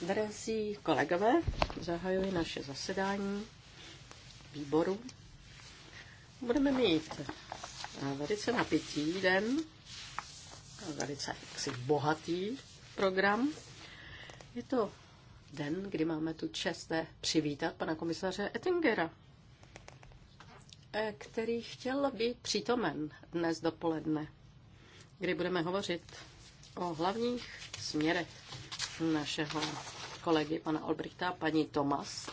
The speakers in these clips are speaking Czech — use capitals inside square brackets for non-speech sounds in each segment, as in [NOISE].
Drazí kolegové, zahajuji naše zasedání výboru. Budeme mít eh, velice napitý den, velice jaksi bohatý program. Je to den, kdy máme tu čest přivítat pana komisaře Ettingera, eh, který chtěl být přítomen dnes dopoledne, kdy budeme hovořit o hlavních směrech našeho kolegy pana Olbrichta a paní Tomas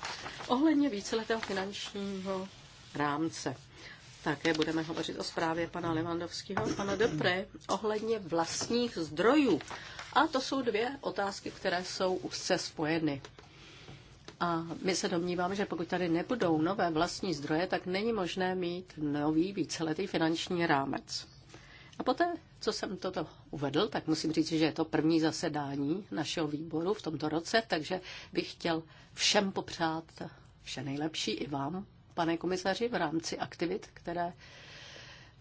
ohledně víceletého finančního rámce. Také budeme hovořit o zprávě pana Levandovského a pana Dopre ohledně vlastních zdrojů. A to jsou dvě otázky, které jsou úzce spojeny. A my se domníváme, že pokud tady nebudou nové vlastní zdroje, tak není možné mít nový víceletý finanční rámec. A poté, co jsem toto uvedl, tak musím říct, že je to první zasedání našeho výboru v tomto roce, takže bych chtěl všem popřát vše nejlepší i vám, pane komisaři, v rámci aktivit, které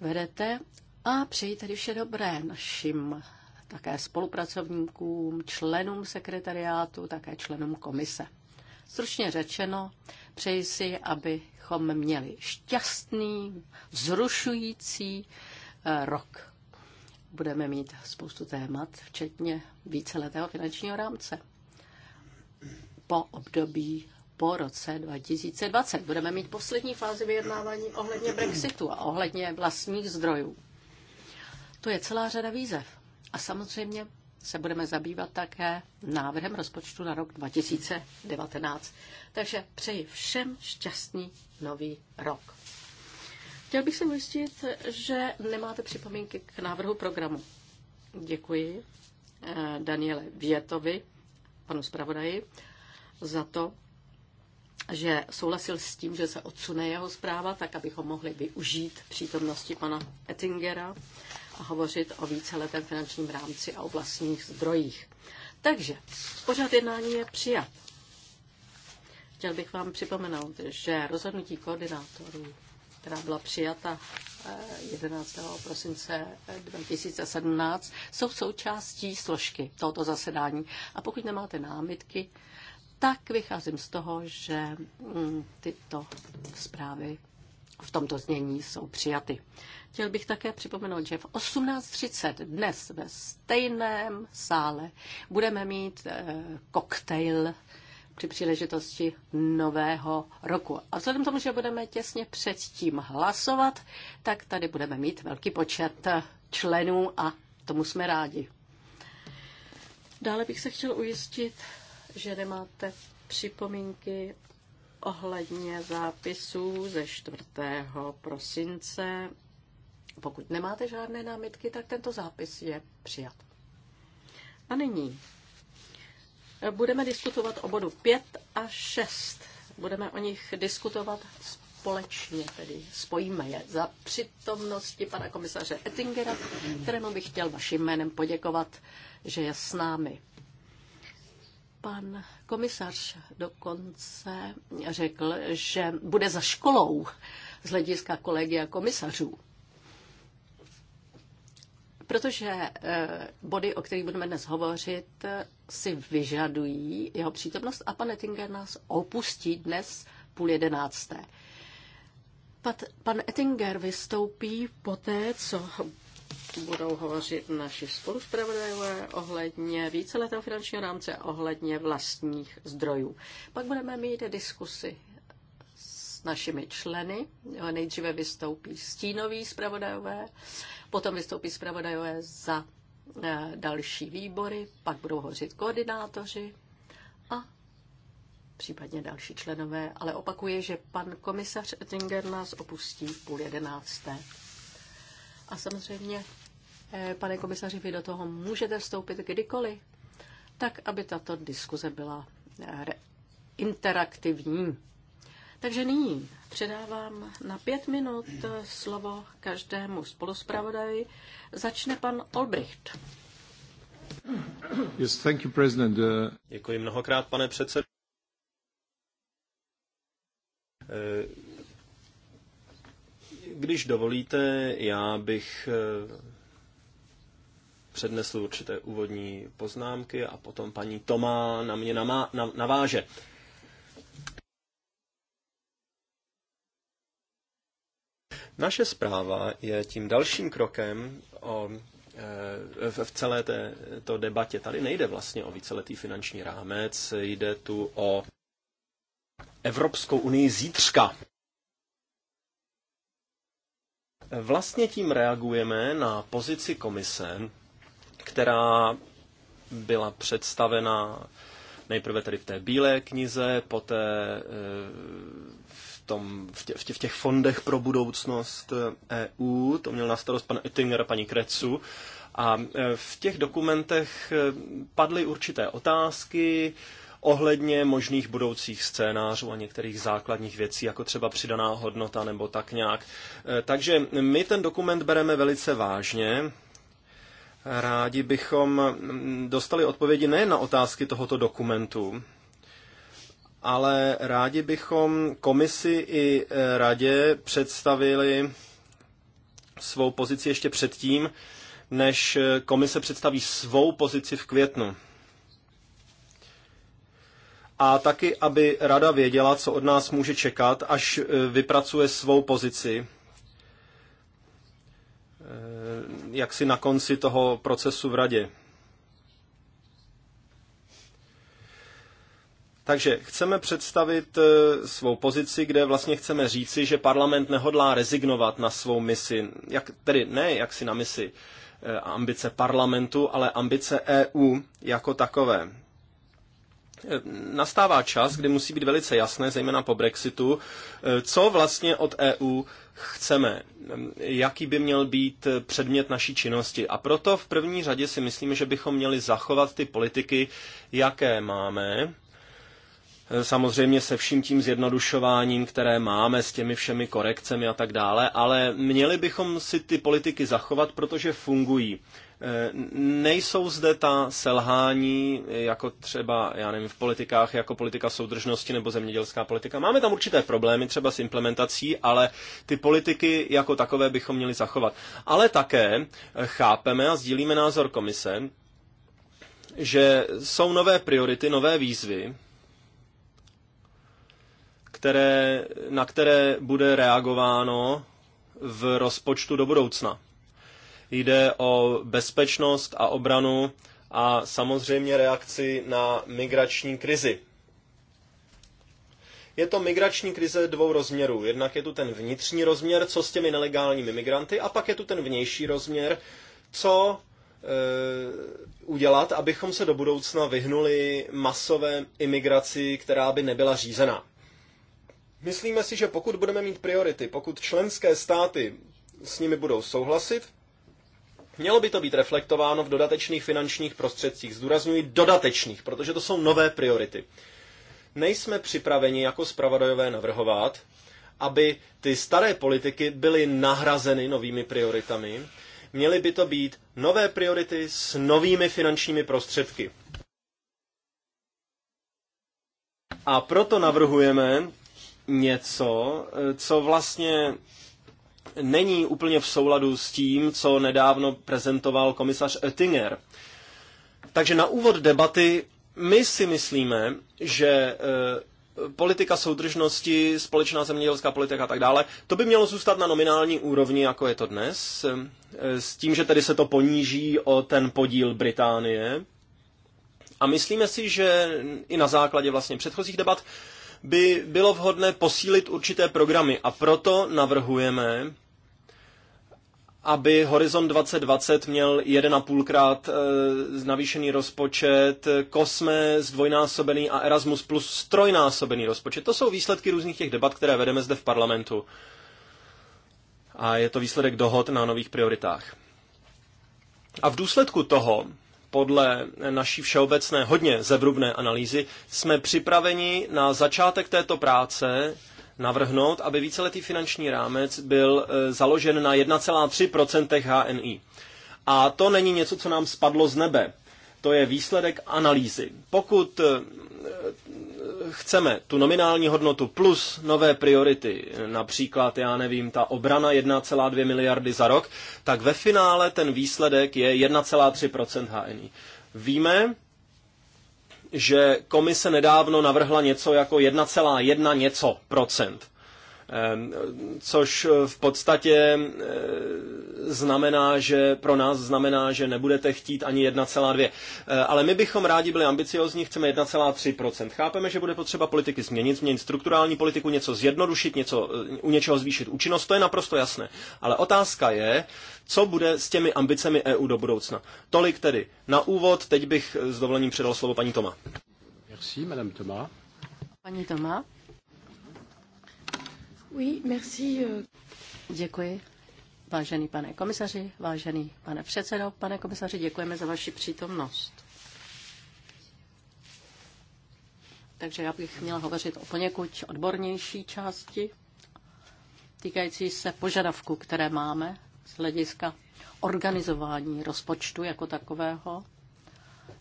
vedete. A přeji tedy vše dobré našim také spolupracovníkům, členům sekretariátu, také členům komise. Stručně řečeno, přeji si, abychom měli šťastný, vzrušující eh, rok budeme mít spoustu témat, včetně víceletého finančního rámce. Po období po roce 2020 budeme mít poslední fázi vyjednávání ohledně Brexitu a ohledně vlastních zdrojů. To je celá řada výzev. A samozřejmě se budeme zabývat také návrhem rozpočtu na rok 2019. Takže přeji všem šťastný nový rok. Chtěl bych se ujistit, že nemáte připomínky k návrhu programu. Děkuji eh, Daniele Vietovi, panu zpravodaji, za to, že souhlasil s tím, že se odsune jeho zpráva, tak abychom mohli využít přítomnosti pana Ettingera a hovořit o víceletém finančním rámci a o vlastních zdrojích. Takže pořád jednání je přijat. Chtěl bych vám připomenout, že rozhodnutí koordinátorů která byla přijata 11. Eh, prosince 2017, eh, jsou součástí složky tohoto zasedání. A pokud nemáte námitky, tak vycházím z toho, že mm, tyto zprávy v tomto znění jsou přijaty. Chtěl bych také připomenout, že v 18.30 dnes ve stejném sále budeme mít eh, koktejl při příležitosti nového roku. A vzhledem tomu, že budeme těsně předtím hlasovat, tak tady budeme mít velký počet členů a tomu jsme rádi. Dále bych se chtěl ujistit, že nemáte připomínky ohledně zápisů ze 4. prosince. Pokud nemáte žádné námitky, tak tento zápis je přijat. A nyní Budeme diskutovat o bodu 5 a 6. Budeme o nich diskutovat společně, tedy spojíme je za přítomnosti pana komisaře Ettingera, kterému bych chtěl vaším jménem poděkovat, že je s námi. Pan komisař dokonce řekl, že bude za školou z hlediska a komisařů protože eh, body, o kterých budeme dnes hovořit, eh, si vyžadují jeho přítomnost a pan Ettinger nás opustí dnes půl jedenácté. Pan Ettinger vystoupí poté, co budou hovořit naši spoluzpravodajové ohledně víceletého finančního rámce, ohledně vlastních zdrojů. Pak budeme mít diskusy našimi členy. Nejdříve vystoupí stínoví zpravodajové, potom vystoupí zpravodajové za eh, další výbory, pak budou hořit koordinátoři a případně další členové, ale opakuje, že pan komisař Ettinger nás opustí půl jedenácté. A samozřejmě, eh, pane komisaři, vy do toho můžete vstoupit kdykoliv, tak aby tato diskuze byla eh, interaktivní. Takže nyní předávám na pět minut slovo každému spoluspravodaji. Začne pan Olbricht. Yes, thank you, President. Uh, Děkuji mnohokrát, pane předsedo. Eh, když dovolíte, já bych eh, přednesl určité úvodní poznámky a potom paní Tomá na mě namá, na, naváže. Na Naše zpráva je tím dalším krokem o, eh, v celé té to debatě. Tady nejde vlastně o víceletý finanční rámec, jde tu o Evropskou unii zítřka. Vlastně tím reagujeme na pozici komise, která byla představena nejprve tedy v té bílé knize, poté v eh, tom, v, tě, v, tě, v těch fondech pro budoucnost EU, eh, e to měl na starost pan Oettinger a paní Krecu, a eh, v těch dokumentech eh, padly určité otázky ohledně možných budoucích scénářů a některých základních věcí, jako třeba přidaná hodnota nebo tak nějak. Takže my ten dokument bereme velice vážně. Rádi bychom mm, dostali odpovědi nejen na otázky tohoto dokumentu, ale rádi bychom komisi i eh, radě představili svou pozici ještě předtím, než eh, komise představí svou pozici v květnu. A taky, aby rada věděla, co od nás může čekat, až eh, vypracuje svou pozici, jak si na konci toho procesu v radě. Takže chceme představit eh, svou pozici, kde vlastně chceme říci, že parlament nehodlá rezignovat na svou misi, jak, tedy ne jak si na misi eh, ambice parlamentu, ale ambice EU jako takové. Eh, nastává čas, kdy musí být velice jasné, zejména po Brexitu, co vlastně od EU chceme, jaký by měl být předmět naší činnosti. A proto v první řadě si myslíme, že bychom měli zachovat ty politiky, jaké máme, Eh, samozřejmě se vším tím zjednodušováním, které máme, s těmi všemi korekcemi a tak dále, ale měli bychom si ty politiky zachovat, protože fungují. Eh, nejsou zde ta selhání, eh, jako třeba, já nevím, v politikách, jako politika soudržnosti nebo zemědělská politika. Máme tam určité problémy, třeba s implementací, ale ty politiky jako takové bychom měli zachovat. Ale také chápeme a sdílíme názor komise, že jsou nové priority, nové výzvy, které, na které bude reagováno v rozpočtu do budoucna. Jde o bezpečnost a obranu a samozřejmě reakci na migrační krizi. Je to migrační krize dvou rozměrů. Jednak je tu ten vnitřní rozměr, co s těmi nelegálními migranty, a pak je tu ten vnější rozměr, co e, udělat, abychom se do budoucna vyhnuli masové imigraci, která by nebyla řízená. Myslíme si, že pokud budeme mít priority, pokud členské státy s nimi budou souhlasit, Mělo by to být reflektováno v dodatečných finančních prostředcích. Zdůrazňuji dodatečných, protože to jsou nové priority. Nejsme připraveni jako zpravodajové navrhovat, aby ty staré politiky byly nahrazeny novými prioritami. Měly by to být nové priority s novými finančními prostředky. A proto navrhujeme něco, co vlastně není úplně v souladu s tím, co nedávno prezentoval komisař Oettinger. Takže na úvod debaty my si myslíme, že eh, politika soudržnosti, společná zemědělská politika a tak dále, to by mělo zůstat na nominální úrovni, jako je to dnes, eh, s tím, že tedy se to poníží o ten podíl Británie. A myslíme si, že i na základě vlastně předchozích debat, by bylo vhodné posílit určité programy a proto navrhujeme, aby Horizon 2020 měl 1,5 krát e, navýšený rozpočet, Kosme zdvojnásobený a Erasmus plus strojnásobený rozpočet. To jsou výsledky různých těch debat, které vedeme zde v parlamentu. A je to výsledek dohod na nových prioritách. A v důsledku toho podle naší všeobecné hodně zevrubné analýzy, jsme připraveni na začátek této práce navrhnout, aby víceletý finanční rámec byl e, založen na 1,3 HNI. A to není něco, co nám spadlo z nebe. To je výsledek analýzy. Pokud eh, chceme tu nominální hodnotu plus nové priority, například, já nevím, ta obrana 1,2 miliardy za rok, tak ve finále ten výsledek je 1,3 HNI. Víme, že komise nedávno navrhla něco jako 1,1 něco procent. Ehm, což v podstatě eh, znamená, že pro nás znamená, že nebudete chtít ani 1,2. Eh, ale my bychom rádi byli ambiciozní, chceme 1,3%. Chápeme, že bude potřeba politiky změnit, změnit strukturální politiku, něco zjednodušit, něco, eh, u něčeho zvýšit účinnost, to je naprosto jasné. Ale otázka je, co bude s těmi ambicemi EU do budoucna. Tolik tedy na úvod, teď bych s dovolením předal slovo paní Toma. Merci, madame Toma. Paní Toma. Euh. Děkuji. Vážený pane komisaři, vážený pane předsedo, pane komisaři, děkujeme za vaši přítomnost. Takže já bych měla hovořit o poněkud odbornější části, týkající se požadavku, které máme z hlediska organizování rozpočtu jako takového.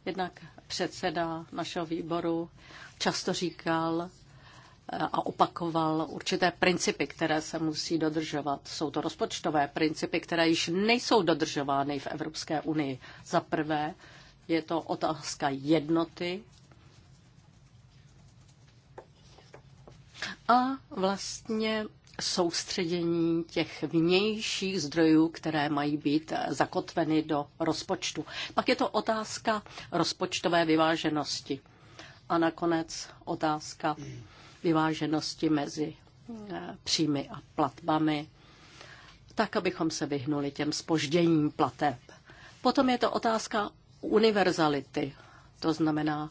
Jednak předseda našeho výboru často říkal, Eh, a opakoval určité principy, které se musí dodržovat. Jsou to rozpočtové principy, které již nejsou dodržovány v Evropské unii. Za prvé je to otázka jednoty a vlastně soustředění těch vnějších zdrojů, které mají být zakotveny do rozpočtu. Pak je to otázka rozpočtové vyváženosti. A nakonec otázka vyváženosti mezi eh, příjmy a platbami, tak abychom se vyhnuli těm spožděním plateb. Potom je to otázka univerzality, to znamená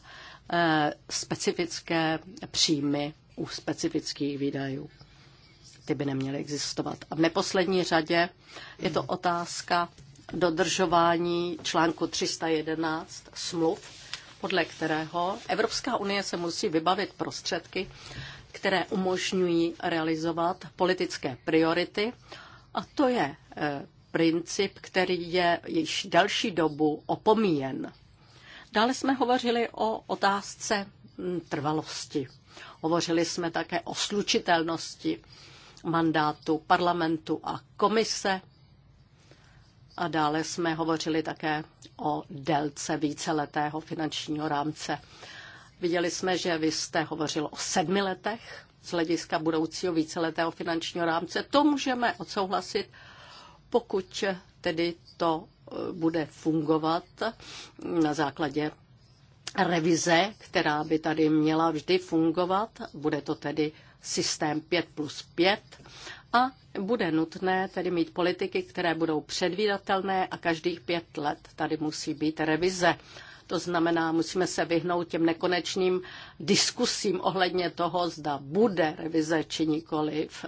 eh, specifické příjmy u specifických výdajů. Ty by neměly existovat. A v neposlední řadě je to otázka dodržování článku 311 smluv podle kterého Evropská unie se musí vybavit prostředky, které umožňují realizovat politické priority. A to je eh, princip, který je již další dobu opomíjen. Dále jsme hovořili o otázce hm, trvalosti. Hovořili jsme také o slučitelnosti mandátu parlamentu a komise a dále jsme hovořili také o délce víceletého finančního rámce. Viděli jsme, že vy jste hovořil o sedmi letech z hlediska budoucího víceletého finančního rámce. To můžeme odsouhlasit, pokud tedy to eh, bude fungovat mm, na základě revize, která by tady měla vždy fungovat. Bude to tedy systém 5 plus 5 a bude nutné tedy mít politiky, které budou předvídatelné a každých pět let tady musí být revize. To znamená, musíme se vyhnout těm nekonečným diskusím ohledně toho, zda bude revize či nikoliv,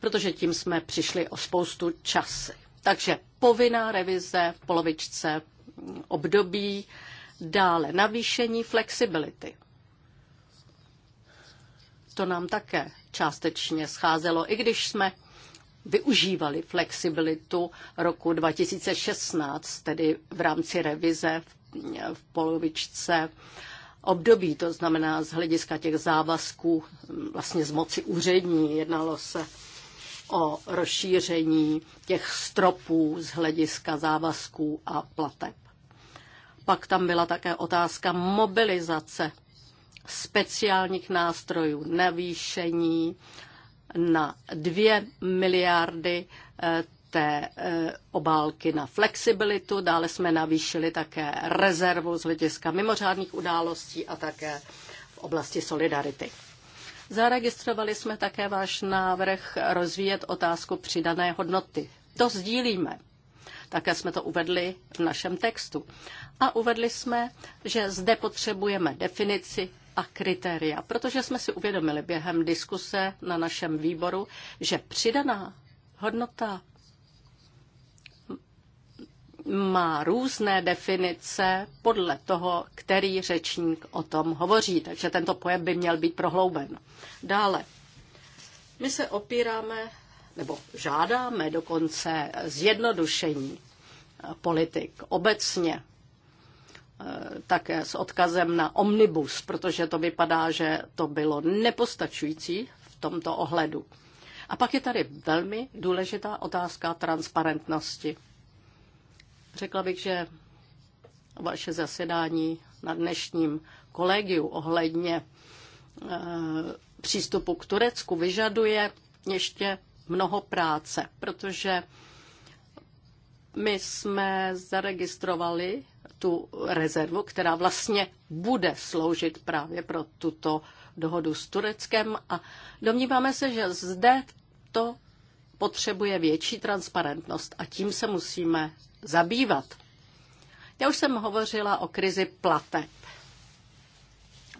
protože tím jsme přišli o spoustu času. Takže povinná revize v polovičce období, dále navýšení flexibility. To nám také částečně scházelo, i když jsme využívali flexibilitu roku 2016, tedy v rámci revize v polovičce období, to znamená z hlediska těch závazků hm, vlastně z moci úřední. Jednalo se o rozšíření těch stropů z hlediska závazků a plateb. Pak tam byla také otázka mobilizace speciálních nástrojů, navýšení na 2 miliardy eh, té eh, obálky na flexibilitu, dále jsme navýšili také rezervu z hlediska mimořádných událostí a také v oblasti solidarity. Zaregistrovali jsme také váš návrh rozvíjet otázku přidané hodnoty. To sdílíme. Také jsme to uvedli v našem textu. A uvedli jsme, že zde potřebujeme definici a kritéria, protože jsme si uvědomili během diskuse na našem výboru, že přidaná hodnota má různé definice podle toho, který řečník o tom hovoří, takže tento pojem by měl být prohlouben. Dále, my se opíráme nebo žádáme dokonce zjednodušení politik obecně Eh, také s odkazem na omnibus, protože to vypadá, že to bylo nepostačující v tomto ohledu. A pak je tady velmi důležitá otázka transparentnosti. Řekla bych, že vaše zasedání na dnešním kolegiu ohledně e, přístupu k Turecku vyžaduje ještě mnoho práce, protože my jsme zaregistrovali tu rezervu, která vlastně bude sloužit právě pro tuto dohodu s Tureckem a domníváme se, že zde to potřebuje větší transparentnost a tím se musíme zabývat. Já už jsem hovořila o krizi plateb.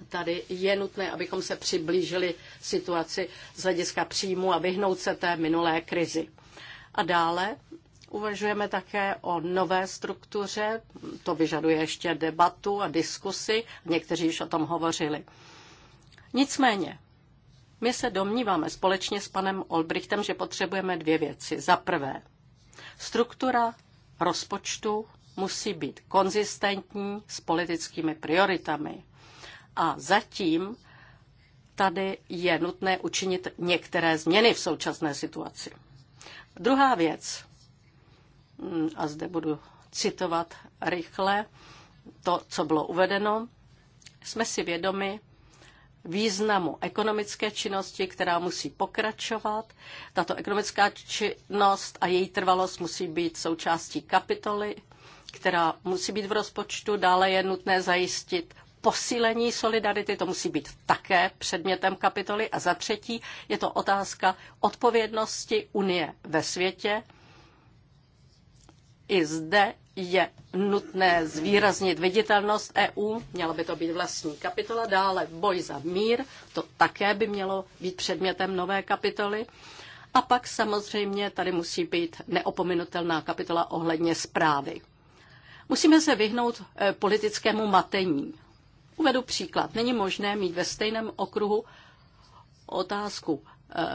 Tady je nutné, abychom se přiblížili situaci z hlediska příjmu a vyhnout se té minulé krizi. A dále Uvažujeme také o nové struktuře, to vyžaduje ještě debatu a diskusy, někteří již o tom hovořili. Nicméně, my se domníváme společně s panem Olbrichtem, že potřebujeme dvě věci. Za prvé, struktura rozpočtu musí být konzistentní s politickými prioritami. A zatím tady je nutné učinit některé změny v současné situaci. Druhá věc. Mm, a zde budu citovat rychle to, co bylo uvedeno, jsme si vědomi významu ekonomické činnosti, která musí pokračovat. Tato ekonomická činnost a její trvalost musí být součástí kapitoly, která musí být v rozpočtu. Dále je nutné zajistit posílení solidarity, to musí být také předmětem kapitoly. A za třetí je to otázka odpovědnosti Unie ve světě i zde je nutné zvýraznit viditelnost EU, měla by to být vlastní kapitola, dále boj za mír, to také by mělo být předmětem nové kapitoly. A pak samozřejmě tady musí být neopominutelná kapitola ohledně zprávy. Musíme se vyhnout e, politickému matení. Uvedu příklad. Není možné mít ve stejném okruhu otázku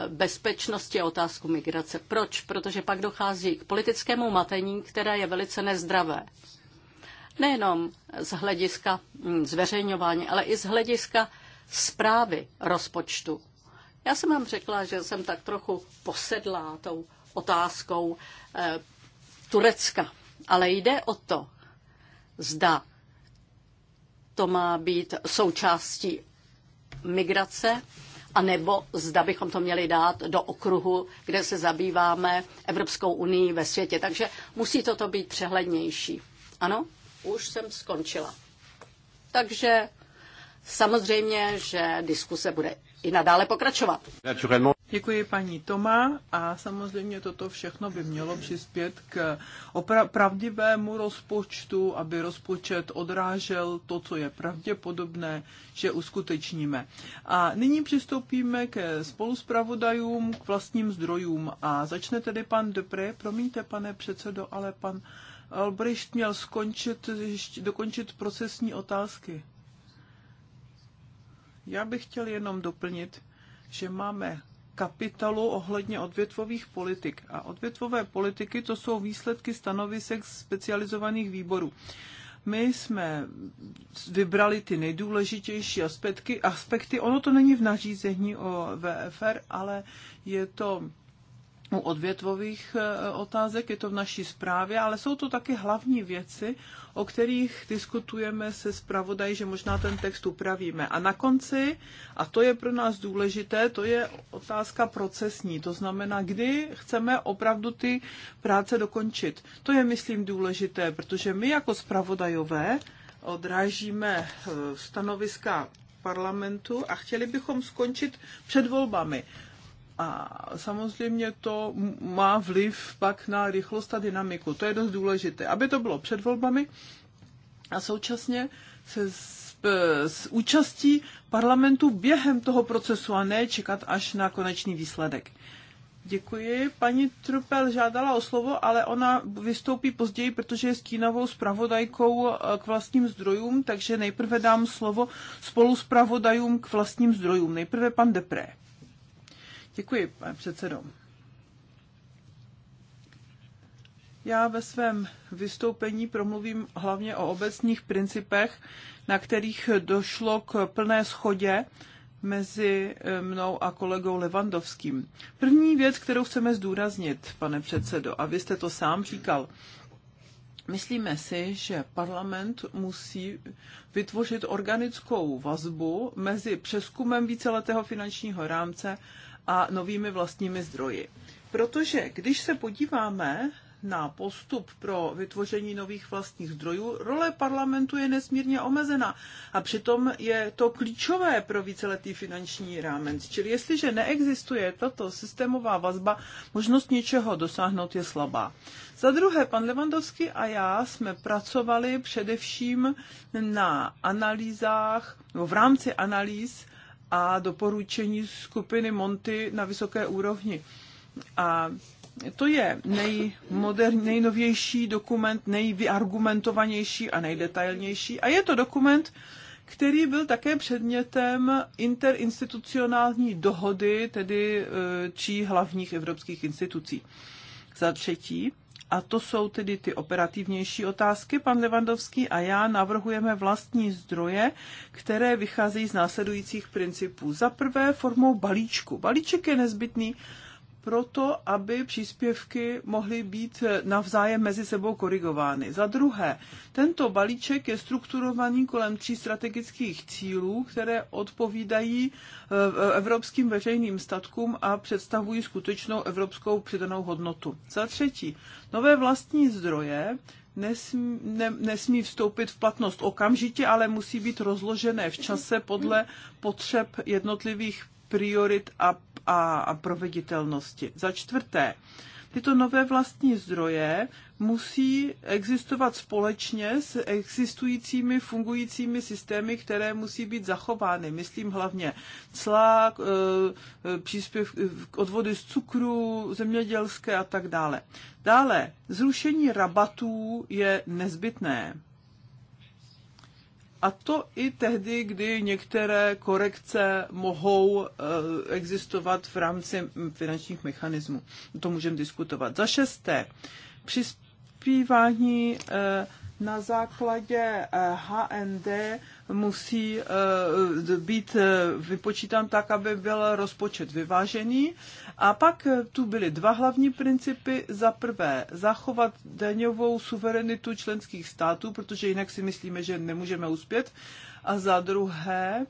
bezpečnosti a otázku migrace. Proč? Protože pak dochází k politickému matení, které je velice nezdravé. Nejenom z hlediska mm, zveřejňování, ale i z hlediska zprávy rozpočtu. Já jsem vám řekla, že jsem tak trochu posedlá tou otázkou eh, Turecka, ale jde o to, zda to má být součástí migrace anebo zda bychom to měli dát do okruhu, kde se zabýváme Evropskou unii ve světě. Takže musí toto být přehlednější. Ano, už jsem skončila. Takže samozřejmě, že diskuse bude i nadále pokračovat. Děkuji paní Toma a samozřejmě toto všechno by mělo přispět k opra- pravdivému rozpočtu, aby rozpočet odrážel to, co je pravděpodobné, že uskutečníme. A nyní přistoupíme ke spoluspravodajům, k vlastním zdrojům a začne tedy pan Depre, Promiňte, pane předsedo, ale pan Albrecht měl skončit, dokončit procesní otázky. Já bych chtěl jenom doplnit, že máme kapitolu ohledně odvětvových politik. A odvětvové politiky to jsou výsledky stanovisek specializovaných výborů. My jsme vybrali ty nejdůležitější aspekty. aspekty. Ono to není v nařízení o VFR, ale je to u odvětvových e, otázek, je to v naší zprávě, ale jsou to taky hlavní věci, o kterých diskutujeme se zpravodají, že možná ten text upravíme. A na konci, a to je pro nás důležité, to je otázka procesní, to znamená, kdy chceme opravdu ty práce dokončit. To je, myslím, důležité, protože my jako zpravodajové odrážíme e, stanoviska parlamentu a chtěli bychom skončit před volbami. A samozřejmě to má vliv pak na rychlost a dynamiku. To je dost důležité, aby to bylo před volbami a současně se s, s účastí parlamentu během toho procesu a ne čekat až na konečný výsledek. Děkuji. Paní Trupel žádala o slovo, ale ona vystoupí později, protože je stínovou zpravodajkou eh, k vlastním zdrojům, takže nejprve dám slovo spolu zpravodajům k vlastním zdrojům. Nejprve pan Depré. Děkuji, pane předsedo. Já ve svém vystoupení promluvím hlavně o obecních principech, na kterých došlo k plné schodě mezi eh, mnou a kolegou Levandovským. První věc, kterou chceme zdůraznit, pane předsedo, a vy jste to sám říkal, Myslíme si, že parlament musí vytvořit organickou vazbu mezi přeskumem víceletého finančního rámce a novými vlastními zdroji. Protože když se podíváme na postup pro vytvoření nových vlastních zdrojů, role parlamentu je nesmírně omezena a přitom je to klíčové pro víceletý finanční rámec. Čili jestliže neexistuje tato systémová vazba, možnost něčeho dosáhnout je slabá. Za druhé, pan Levandovský a já jsme pracovali především na analýzách, no v rámci analýz a doporučení skupiny Monty na vysoké úrovni. A to je nejmodern, nejnovější dokument, nejvyargumentovanější a nejdetailnější. A je to dokument, který byl také předmětem interinstitucionální dohody, tedy eh, tří hlavních evropských institucí. Za třetí, a to jsou tedy ty operativnější otázky. Pan Levandovský a já navrhujeme vlastní zdroje, které vycházejí z následujících principů. Za prvé formou balíčku. Balíček je nezbytný proto, aby příspěvky mohly být navzájem mezi sebou korigovány. Za druhé, tento balíček je strukturovaný kolem tří strategických cílů, které odpovídají e, evropským veřejným statkům a představují skutečnou evropskou přidanou hodnotu. Za třetí, nové vlastní zdroje nesmí, ne, nesmí vstoupit v platnost okamžitě, ale musí být rozložené v čase podle potřeb jednotlivých priorit a a proveditelnosti. Za čtvrté, tyto nové vlastní zdroje musí existovat společně s existujícími fungujícími systémy, které musí být zachovány. Myslím hlavně cla, e, e, příspěv, e, odvody z cukru, zemědělské a tak dále. Dále, zrušení rabatů je nezbytné. A to i tehdy, kdy některé korekce mohou eh, existovat v rámci mm, finančních mechanismů. To můžeme diskutovat. Za šesté, přispívání eh, na základě HND eh, musí eh, být eh, vypočítán tak, aby byl rozpočet vyvážený. A pak tu byly dva hlavní principy. Za prvé, zachovat daňovou suverenitu členských států, protože jinak si myslíme, že nemůžeme uspět. A za druhé,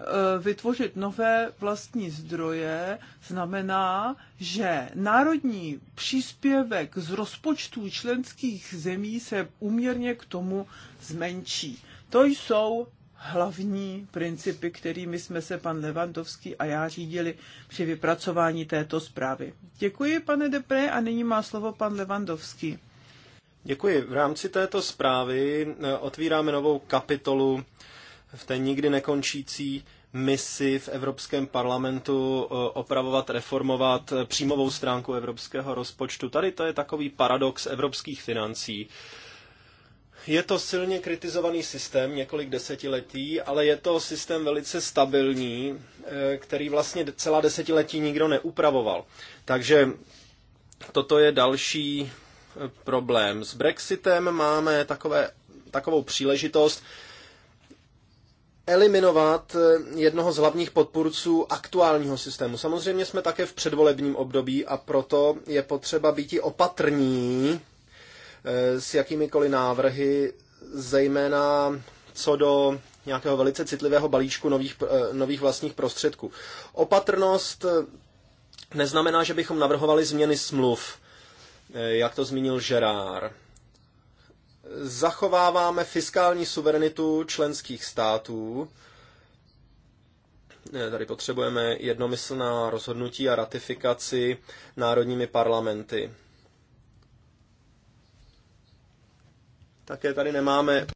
Eh, vytvořit nové vlastní zdroje znamená, že národní příspěvek z rozpočtů členských zemí se uměrně k tomu zmenší. To jsou hlavní principy, kterými jsme se pan Levandovský a já řídili při vypracování této zprávy. Děkuji, pane Depre, a nyní má slovo pan Levandovský. Děkuji. V rámci této zprávy eh, otvíráme novou kapitolu v té nikdy nekončící misi v Evropském parlamentu eh, opravovat, reformovat eh, příjmovou stránku evropského rozpočtu. Tady to je takový paradox evropských financí. Je to silně kritizovaný systém, několik desetiletí, ale je to systém velice stabilní, eh, který vlastně celá desetiletí nikdo neupravoval. Takže toto je další problém. S Brexitem máme takové, takovou příležitost eliminovat eh, jednoho z hlavních podpůrců aktuálního systému. Samozřejmě jsme také v předvolebním období a proto je potřeba být opatrní eh, s jakýmikoliv návrhy, zejména co do nějakého velice citlivého balíčku nových, eh, nových vlastních prostředků. Opatrnost neznamená, že bychom navrhovali změny smluv, jak to zmínil Gerard zachováváme fiskální suverenitu členských států. Eh, tady potřebujeme jednomyslná rozhodnutí a ratifikaci národními parlamenty. Také tady nemáme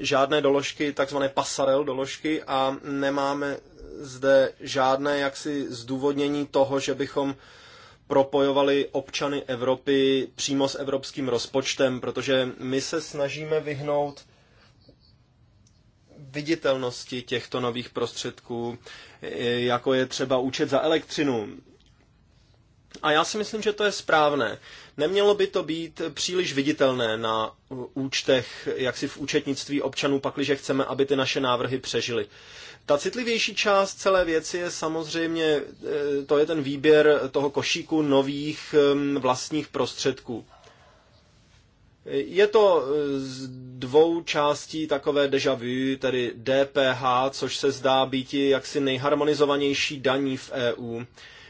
žádné doložky, takzvané pasarel doložky a nemáme zde žádné jaksi zdůvodnění toho, že bychom propojovali občany Evropy přímo s evropským rozpočtem, protože my se snažíme vyhnout viditelnosti těchto nových prostředků, jako je třeba účet za elektřinu. A já si myslím, že to je správné. Nemělo by to být příliš viditelné na účtech, jak si v účetnictví občanů, pakliže chceme, aby ty naše návrhy přežily. Ta citlivější část celé věci je samozřejmě, eh, to je ten výběr toho košíku nových ehm, vlastních prostředků. Je to eh, z dvou částí takové deja vu, tedy DPH, což se zdá být jaksi nejharmonizovanější daní v EU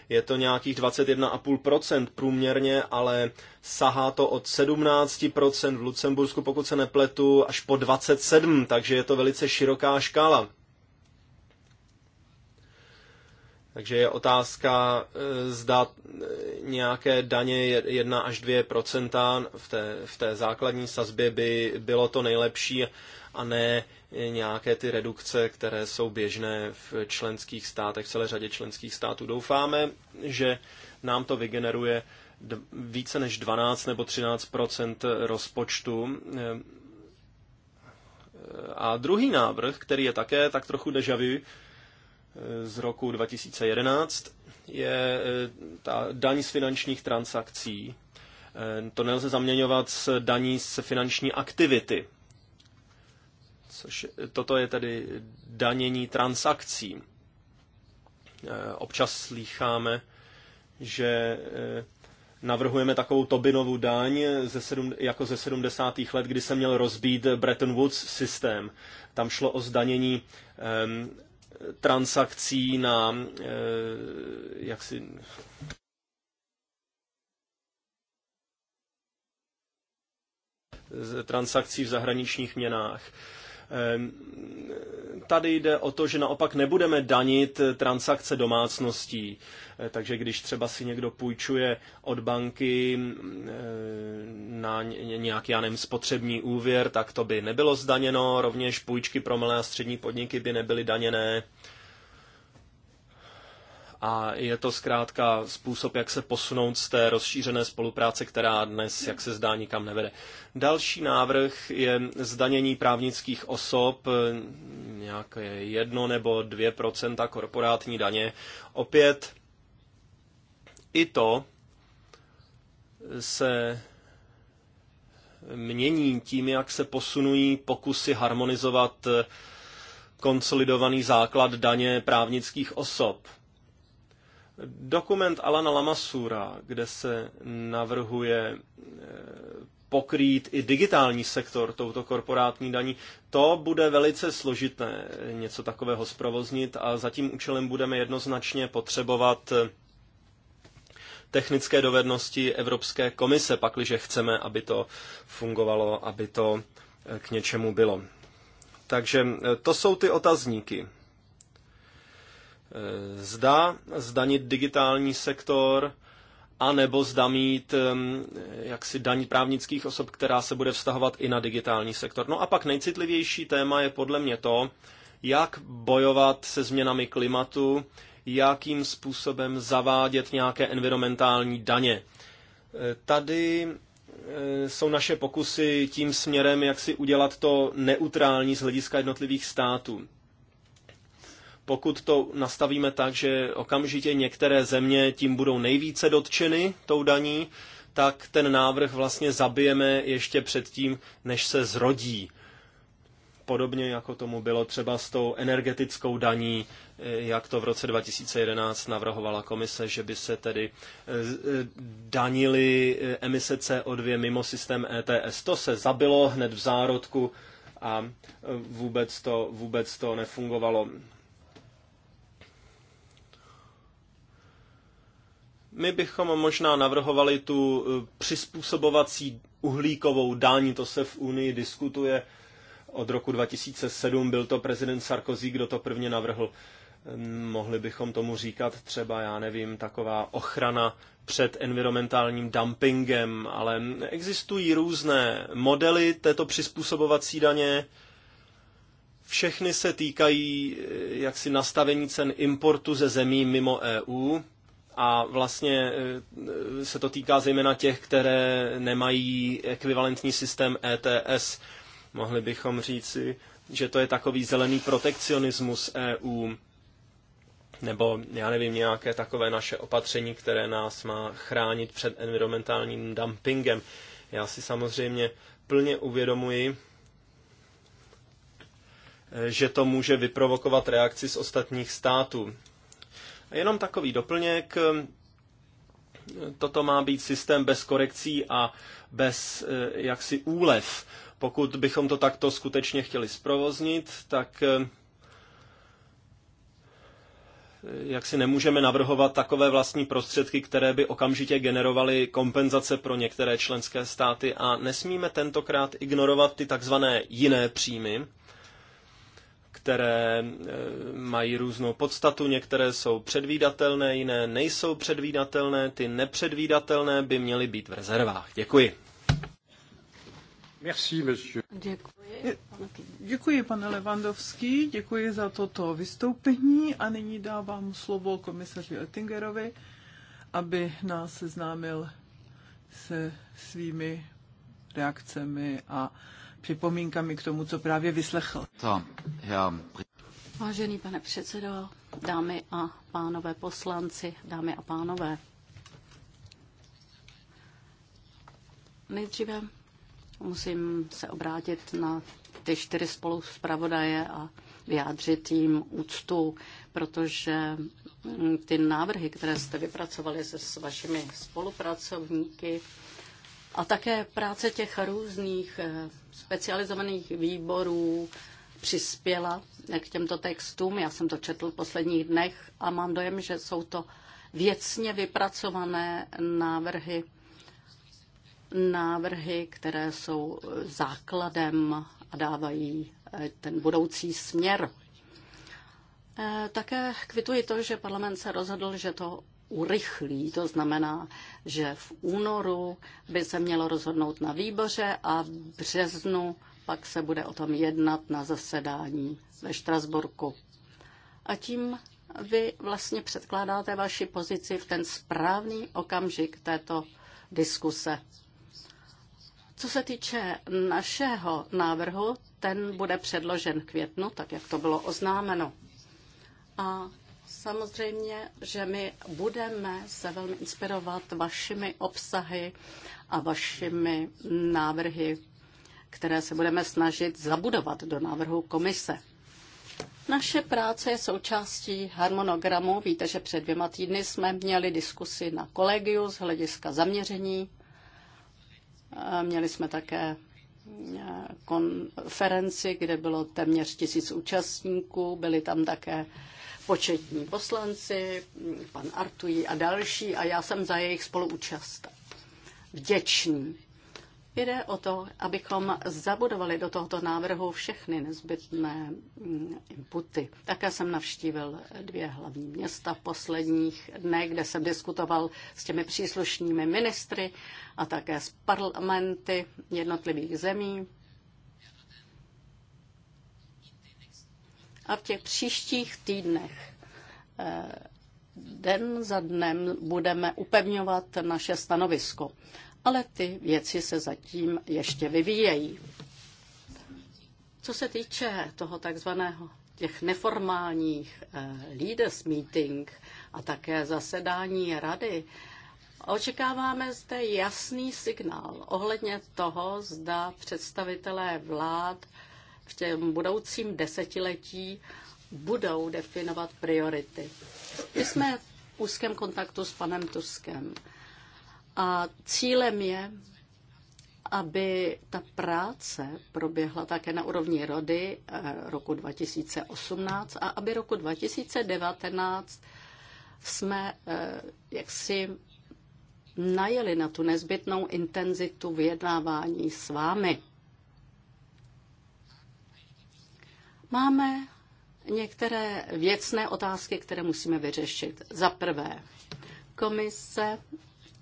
je to nějakých 21,5% průměrně, ale sahá to od 17% v Lucembursku, pokud se nepletu, až po 27%, takže je to velice široká škála. Takže je otázka, eh, zda eh, nějaké daně 1 až 2 v té, v té základní sazbě by bylo to nejlepší a ne nějaké ty redukce, které jsou běžné v členských státech, v celé řadě členských států. Doufáme, že nám to vygeneruje více než 12 nebo 13 rozpočtu. Eh, a druhý návrh, který je také tak trochu deja vu, eh, z roku 2011 je eh, ta daň z finančních transakcí. To nelze zaměňovat s daní z finanční aktivity. Což, toto je tedy danění transakcí. E, občas slýcháme, že e, navrhujeme takovou Tobinovu daň ze sedm, jako ze 70. let, kdy se měl rozbít Bretton Woods systém. Tam šlo o zdanění um, transakcí na um, si transakcí v zahraničních měnách. Ehm, tady jde o to, že naopak nebudeme danit transakce domácností. Eh, takže když třeba si někdo půjčuje od banky mm, eh, na nějaký, já nevím, spotřební úvěr, tak to by nebylo zdaněno. Rovněž půjčky pro malé a střední podniky by nebyly daněné a je to zkrátka způsob, jak se posunout z té rozšířené spolupráce, která dnes, jak se zdá, nikam nevede. Další návrh je zdanění právnických osob, nějaké jedno nebo dvě procenta korporátní daně. Opět i to se mění tím, jak se posunují pokusy harmonizovat konsolidovaný základ daně právnických osob. Dokument Alana Lamasura, kde se navrhuje eh, pokrýt i digitální sektor touto korporátní daní, to bude velice složité něco takového zprovoznit a za tím účelem budeme jednoznačně potřebovat eh, technické dovednosti Evropské komise, pakliže chceme, aby to fungovalo, aby to eh, k něčemu bylo. Takže to jsou ty otazníky. Eh, zda zdanit digitální sektor, a nebo zda mít jaksi daň právnických osob, která se bude vztahovat i na digitální sektor. No a pak nejcitlivější téma je podle mě to, jak bojovat se změnami klimatu, jakým způsobem zavádět nějaké environmentální daně. Eh, tady eh, jsou naše pokusy tím směrem, jak si udělat to neutrální z hlediska jednotlivých států pokud to nastavíme tak, že okamžitě některé země tím budou nejvíce dotčeny tou daní, tak ten návrh vlastně zabijeme ještě předtím, než se zrodí. Podobně jako tomu bylo třeba s tou energetickou daní, jak to v roce 2011 navrhovala komise, že by se tedy e, e, danili e, emise CO2 mimo systém ETS. To se zabilo hned v zárodku a vůbec to, vůbec to nefungovalo. My bychom možná navrhovali tu e, přizpůsobovací uhlíkovou daň, to se v Unii diskutuje od roku 2007, byl to prezident Sarkozy, kdo to prvně navrhl. Mohli bychom tomu říkat třeba, já nevím, taková ochrana před environmentálním dumpingem, ale existují různé modely této přizpůsobovací daně. Všechny se týkají e, jaksi nastavení cen importu ze zemí mimo EU a vlastně eh, se to týká zejména těch, které nemají ekvivalentní systém ETS. Mohli bychom říci, že to je takový zelený protekcionismus EU, nebo já nevím, nějaké takové naše opatření, které nás má chránit před environmentálním dumpingem. Já si samozřejmě plně uvědomuji, eh, že to může vyprovokovat reakci z ostatních států. Jenom takový doplněk. Toto má být systém bez korekcí a bez eh, jaksi úlev. Pokud bychom to takto skutečně chtěli zprovoznit, tak eh, jak si nemůžeme navrhovat takové vlastní prostředky, které by okamžitě generovaly kompenzace pro některé členské státy a nesmíme tentokrát ignorovat ty takzvané jiné příjmy, které eh, mají různou podstatu, některé jsou předvídatelné, jiné nejsou předvídatelné, ty nepředvídatelné by měly být v rezervách. Děkuji. Merci, monsieur. Děkuji. Děkuji, pane Levandovský, děkuji za toto vystoupení a nyní dávám slovo komisaři Oettingerovi, aby nás seznámil se svými reakcemi a připomínkami k tomu, co právě vyslechl. To, já... Vážený pane předsedo, dámy a pánové poslanci, dámy a pánové. Nejdříve musím se obrátit na ty čtyři spolu zpravodaje a vyjádřit jim úctu, protože mm, ty návrhy, které jste vypracovali se s vašimi spolupracovníky, a také práce těch různých eh, specializovaných výborů přispěla k těmto textům. Já jsem to četl v posledních dnech a mám dojem, že jsou to věcně vypracované návrhy, návrhy, které jsou základem a dávají eh, ten budoucí směr. Eh, také kvituji to, že parlament se rozhodl, že to urychlí. To znamená, že v únoru by se mělo rozhodnout na výboře a v březnu pak se bude o tom jednat na zasedání ve Štrasburku. A tím vy vlastně předkládáte vaši pozici v ten správný okamžik této diskuse. Co se týče našeho návrhu, ten bude předložen květnu, tak jak to bylo oznámeno. A Samozřejmě, že my budeme se velmi inspirovat vašimi obsahy a vašimi návrhy, které se budeme snažit zabudovat do návrhu komise. Naše práce je součástí harmonogramu. Víte, že před dvěma týdny jsme měli diskusy na kolegiu z hlediska zaměření. Eh, měli jsme také eh, konferenci, kde bylo téměř tisíc účastníků, byli tam také početní poslanci, pan Artují a další a já jsem za jejich spoluúčast vděčný. Jde o to, abychom zabudovali do tohoto návrhu všechny nezbytné mm, inputy. Také jsem navštívil dvě hlavní města v posledních dnech, kde jsem diskutoval s těmi příslušnými ministry a také s parlamenty jednotlivých zemí. a v těch příštích týdnech eh, den za dnem budeme upevňovat naše stanovisko. Ale ty věci se zatím ještě vyvíjejí. Co se týče toho takzvaného těch neformálních eh, leaders meeting a také zasedání rady, očekáváme zde jasný signál ohledně toho, zda představitelé vlád v těm budoucím desetiletí budou definovat priority. My jsme v úzkém kontaktu s panem Tuskem a cílem je, aby ta práce proběhla také na úrovni rody eh, roku 2018 a aby roku 2019 jsme eh, jaksi najeli na tu nezbytnou intenzitu vyjednávání s vámi. Máme některé věcné otázky, které musíme vyřešit. Za prvé, komise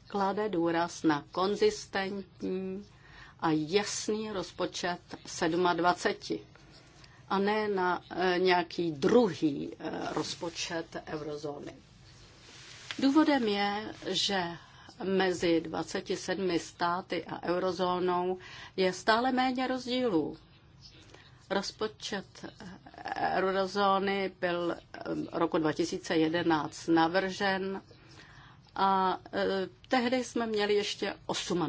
klade důraz na konzistentní a jasný rozpočet 27 a ne na eh, nějaký druhý eh, rozpočet eurozóny. Důvodem je, že mezi 27 státy a eurozónou je stále méně rozdílů. Rozpočet eh, eurozóny byl eh, roku 2011 navržen a eh, tehdy jsme měli ještě 28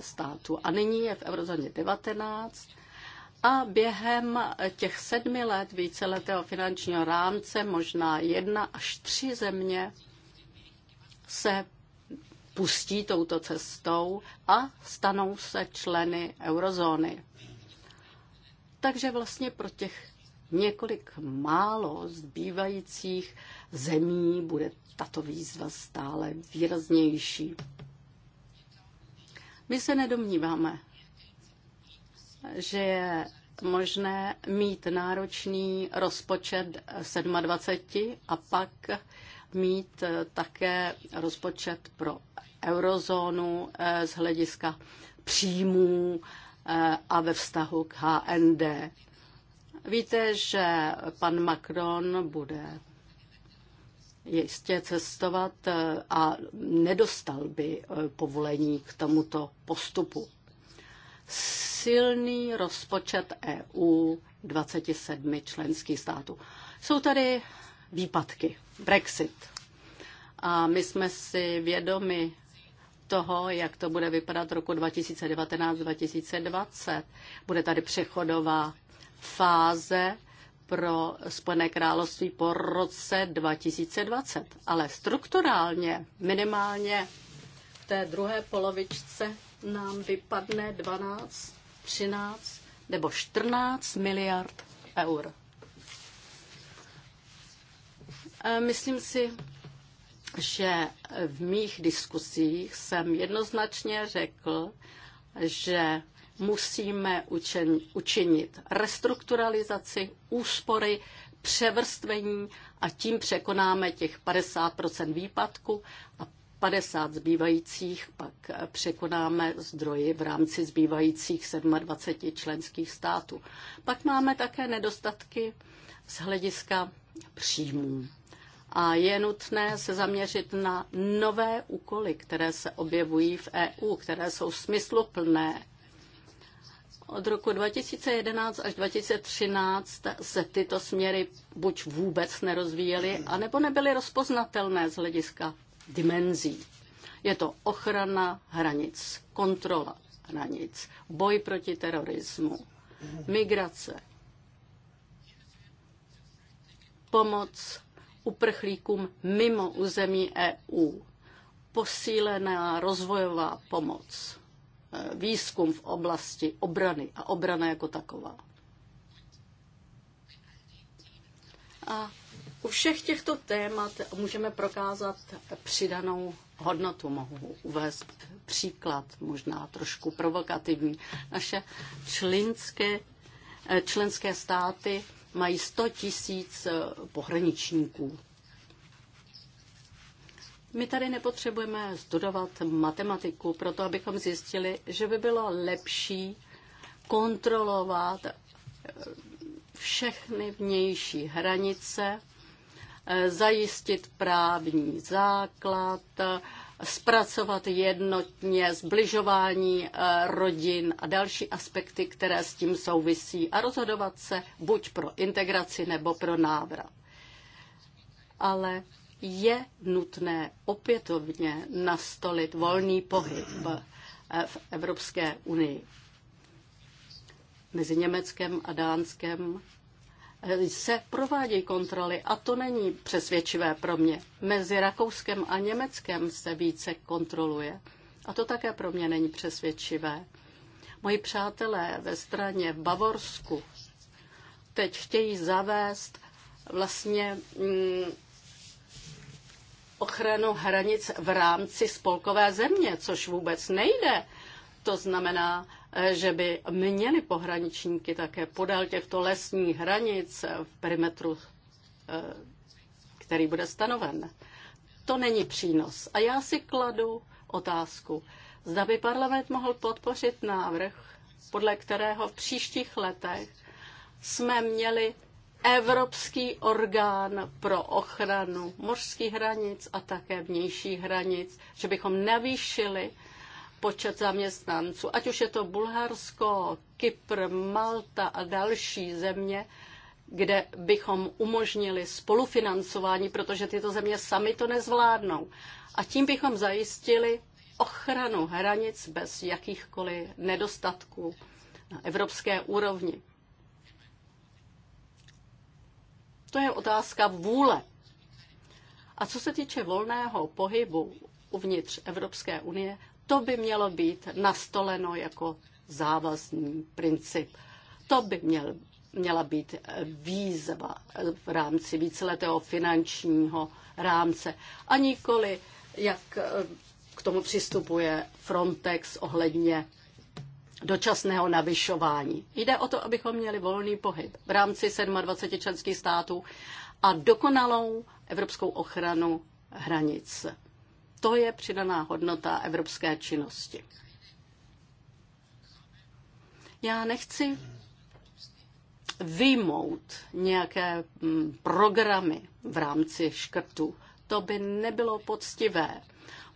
států a nyní je v eurozóně 19 a během těch sedmi let víceletého finančního rámce možná jedna až tři země se pustí touto cestou a stanou se členy eurozóny. Takže vlastně pro těch několik málo zbývajících zemí bude tato výzva stále výraznější. My se nedomníváme, že je možné mít náročný rozpočet 27 a pak mít také rozpočet pro eurozónu eh, z hlediska příjmů a ve vztahu k HND. Víte, že pan Macron bude jistě cestovat a nedostal by eh, povolení k tomuto postupu. Silný rozpočet EU 27 členských států. Jsou tady výpadky. Brexit. A my jsme si vědomi toho, jak to bude vypadat roku 2019-2020. Bude tady přechodová fáze pro Spojené království po roce 2020. Ale strukturálně, minimálně v té druhé polovičce nám vypadne 12, 13 nebo 14 miliard eur. E, myslím si, že v mých diskusích jsem jednoznačně řekl, že musíme učen, učinit restrukturalizaci, úspory, převrstvení a tím překonáme těch 50 výpadku a 50 zbývajících pak překonáme zdroji v rámci zbývajících 27 členských států. Pak máme také nedostatky z hlediska příjmů a je nutné se zaměřit na nové úkoly, které se objevují v EU, které jsou smysluplné. Od roku 2011 až 2013 se tyto směry buď vůbec nerozvíjely, anebo nebyly rozpoznatelné z hlediska dimenzí. Je to ochrana hranic, kontrola hranic, boj proti terorismu, migrace, pomoc uprchlíkům mimo území EU. Posílená rozvojová pomoc, eh, výzkum v oblasti obrany a obrana jako taková. A u všech těchto témat můžeme prokázat přidanou hodnotu. Mohu uvést příklad, možná trošku provokativní. Naše členské, eh, členské státy mají 100 tisíc eh, pohraničníků. My tady nepotřebujeme studovat matematiku proto, abychom zjistili, že by bylo lepší kontrolovat eh, všechny vnější hranice, eh, zajistit právní základ, zpracovat jednotně zbližování eh, rodin a další aspekty, které s tím souvisí a rozhodovat se buď pro integraci nebo pro návrat. Ale je nutné opětovně nastolit volný pohyb eh, v Evropské unii mezi Německem a Dánskem se provádějí kontroly a to není přesvědčivé pro mě. Mezi Rakouskem a Německem se více kontroluje a to také pro mě není přesvědčivé. Moji přátelé ve straně v Bavorsku teď chtějí zavést vlastně mm, ochranu hranic v rámci spolkové země, což vůbec nejde. To znamená, že by měli pohraničníky také podél těchto lesních hranic v perimetru, eh, který bude stanoven. To není přínos. A já si kladu otázku, zda by parlament mohl podpořit návrh, podle kterého v příštích letech jsme měli Evropský orgán pro ochranu mořských hranic a také vnějších hranic, že bychom navýšili počet zaměstnanců, ať už je to Bulharsko, Kypr, Malta a další země, kde bychom umožnili spolufinancování, protože tyto země sami to nezvládnou. A tím bychom zajistili ochranu hranic bez jakýchkoliv nedostatků na evropské úrovni. To je otázka vůle. A co se týče volného pohybu uvnitř Evropské unie, to by mělo být nastoleno jako závazný princip. To by měl, měla být výzva v rámci víceletého finančního rámce a nikoli, jak eh, k tomu přistupuje Frontex ohledně dočasného navyšování. Jde o to, abychom měli volný pohyb v rámci 27 členských států a dokonalou evropskou ochranu hranic. To je přidaná hodnota evropské činnosti. Já nechci vyjmout nějaké mm, programy v rámci škrtu. To by nebylo poctivé.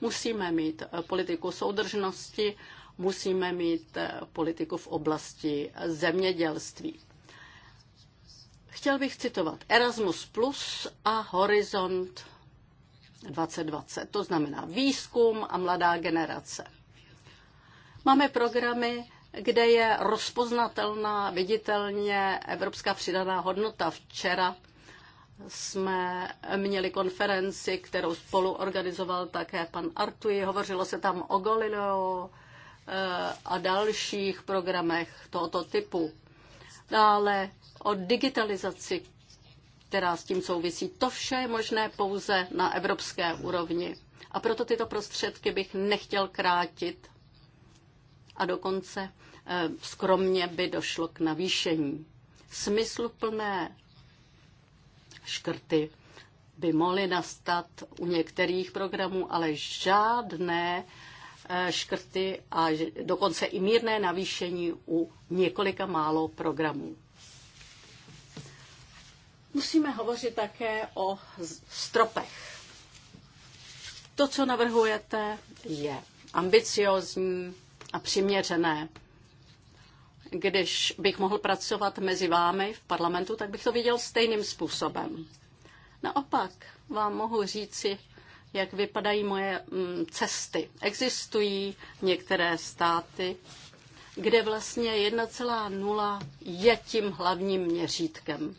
Musíme mít eh, politiku soudržnosti, musíme mít eh, politiku v oblasti eh, zemědělství. Chtěl bych citovat Erasmus Plus a Horizont 2020. To znamená výzkum a mladá generace. Máme programy, kde je rozpoznatelná viditelně evropská přidaná hodnota. Včera jsme měli konferenci, kterou spolu organizoval také pan Artui. Hovořilo se tam o Galileo eh, a dalších programech tohoto typu. Dále o digitalizaci která s tím souvisí. To vše je možné pouze na evropské úrovni. A proto tyto prostředky bych nechtěl krátit. A dokonce eh, skromně by došlo k navýšení. Smysluplné škrty by mohly nastat u některých programů, ale žádné eh, škrty a dokonce i mírné navýšení u několika málo programů. Musíme hovořit také o stropech. To, co navrhujete, je ambiciozní a přiměřené. Když bych mohl pracovat mezi vámi v parlamentu, tak bych to viděl stejným způsobem. Naopak vám mohu říci, jak vypadají moje mm, cesty. Existují některé státy, kde vlastně 1,0 je tím hlavním měřítkem.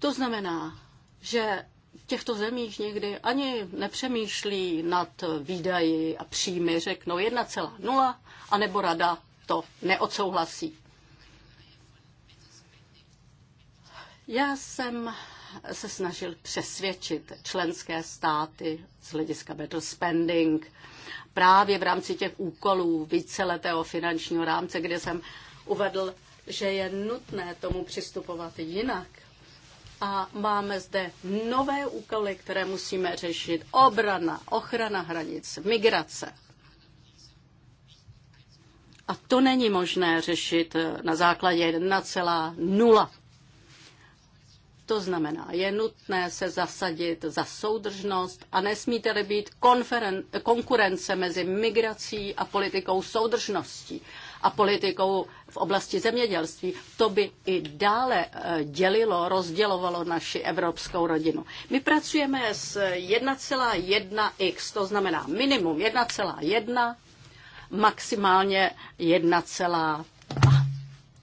To znamená, že v těchto zemích někdy ani nepřemýšlí nad výdaji a příjmy, řeknou 1,0, anebo rada to neodsouhlasí. Já jsem se snažil přesvědčit členské státy z hlediska better spending právě v rámci těch úkolů víceletého finančního rámce, kde jsem uvedl, že je nutné tomu přistupovat jinak, a máme zde nové úkoly, které musíme řešit. Obrana, ochrana hranic, migrace. A to není možné řešit eh, na základě 1,0. To znamená, je nutné se zasadit za soudržnost a nesmí tedy být konkurence mezi migrací a politikou soudržností a politikou v oblasti zemědělství. To by i dále eh, dělilo, rozdělovalo naši evropskou rodinu. My pracujeme s 1,1x, to znamená minimum 1,1, maximálně 1,2.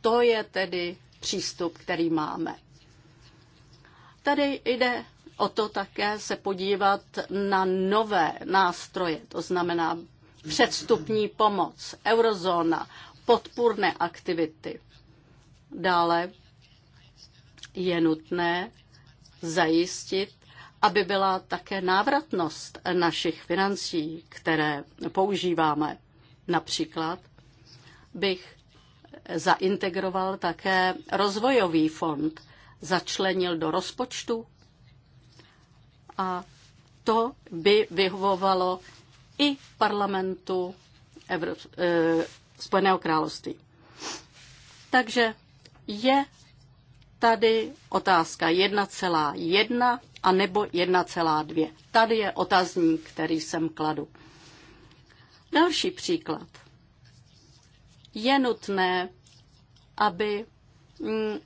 To je tedy přístup, který máme. Tady jde o to také se podívat na nové nástroje, to znamená předstupní pomoc, eurozóna, podpůrné aktivity. Dále je nutné zajistit, aby byla také návratnost našich financí, které používáme. Například bych zaintegroval také rozvojový fond, začlenil do rozpočtu a to by vyhovovalo i parlamentu eh, Spojeného království. Takže je tady otázka 1,1 a nebo 1,2. Tady je otazník, který jsem kladu. Další příklad. Je nutné, aby mm,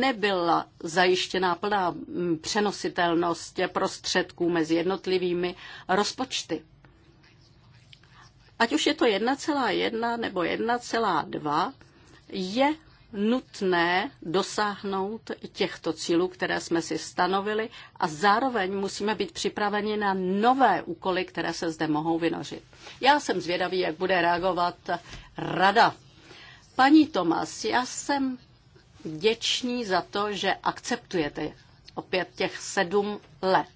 nebyla zajištěná plná mm, přenositelnost prostředků mezi jednotlivými rozpočty ať už je to 1,1 nebo 1,2, je nutné dosáhnout těchto cílů, které jsme si stanovili a zároveň musíme být připraveni na nové úkoly, které se zde mohou vynořit. Já jsem zvědavý, jak bude reagovat rada. Paní Tomas, já jsem děčný za to, že akceptujete opět těch sedm let.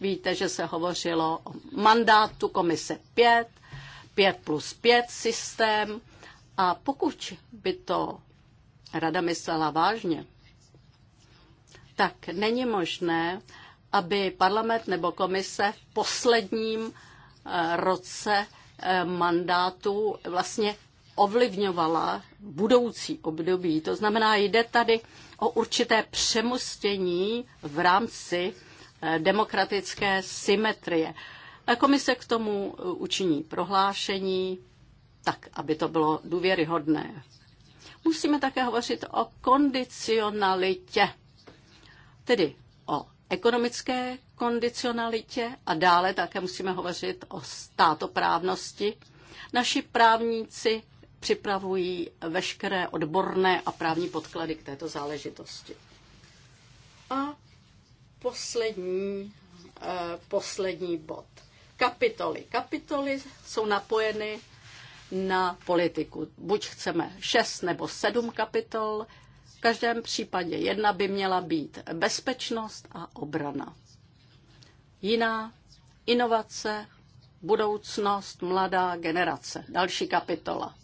Víte, že se hovořilo o mandátu komise 5, 5 plus 5 systém a pokud by to rada myslela vážně, tak není možné, aby parlament nebo komise v posledním eh, roce eh, mandátu vlastně ovlivňovala budoucí období. To znamená, jde tady o určité přemostění v rámci eh, demokratické symetrie. Komise k tomu uh, učiní prohlášení, tak, aby to bylo důvěryhodné. Musíme také hovořit o kondicionalitě, tedy o ekonomické kondicionalitě a dále také musíme hovořit o státoprávnosti. Naši právníci připravují veškeré odborné a právní podklady k této záležitosti. A poslední, eh, poslední bod kapitoly. Kapitoly jsou napojeny na politiku. Buď chceme šest nebo sedm kapitol, v každém případě jedna by měla být bezpečnost a obrana. Jiná inovace, budoucnost, mladá generace. Další kapitola.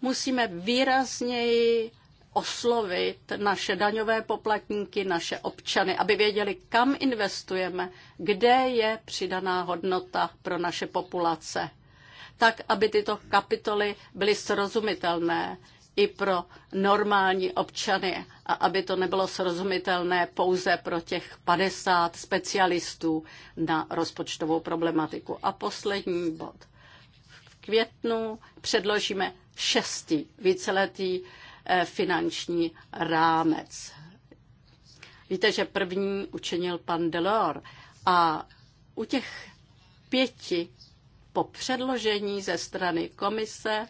Musíme výrazněji oslovit naše daňové poplatníky, naše občany, aby věděli, kam investujeme, kde je přidaná hodnota pro naše populace. Tak, aby tyto kapitoly byly srozumitelné i pro normální občany a aby to nebylo srozumitelné pouze pro těch 50 specialistů na rozpočtovou problematiku. A poslední bod. V květnu předložíme šestý víceletý Eh, finanční rámec. Víte, že první učinil pan Delors a u těch pěti po předložení ze strany komise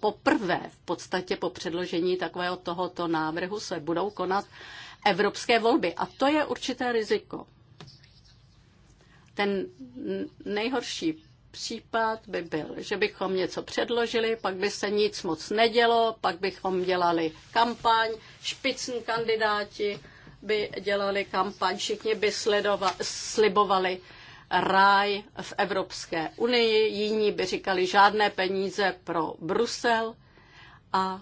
poprvé v podstatě po předložení takového tohoto návrhu se budou konat evropské volby. A to je určité riziko. Ten nejhorší případ by byl, že bychom něco předložili, pak by se nic moc nedělo, pak bychom dělali kampaň, špicní kandidáti by dělali kampaň, všichni by sledova, slibovali ráj v Evropské unii, jiní by říkali žádné peníze pro Brusel a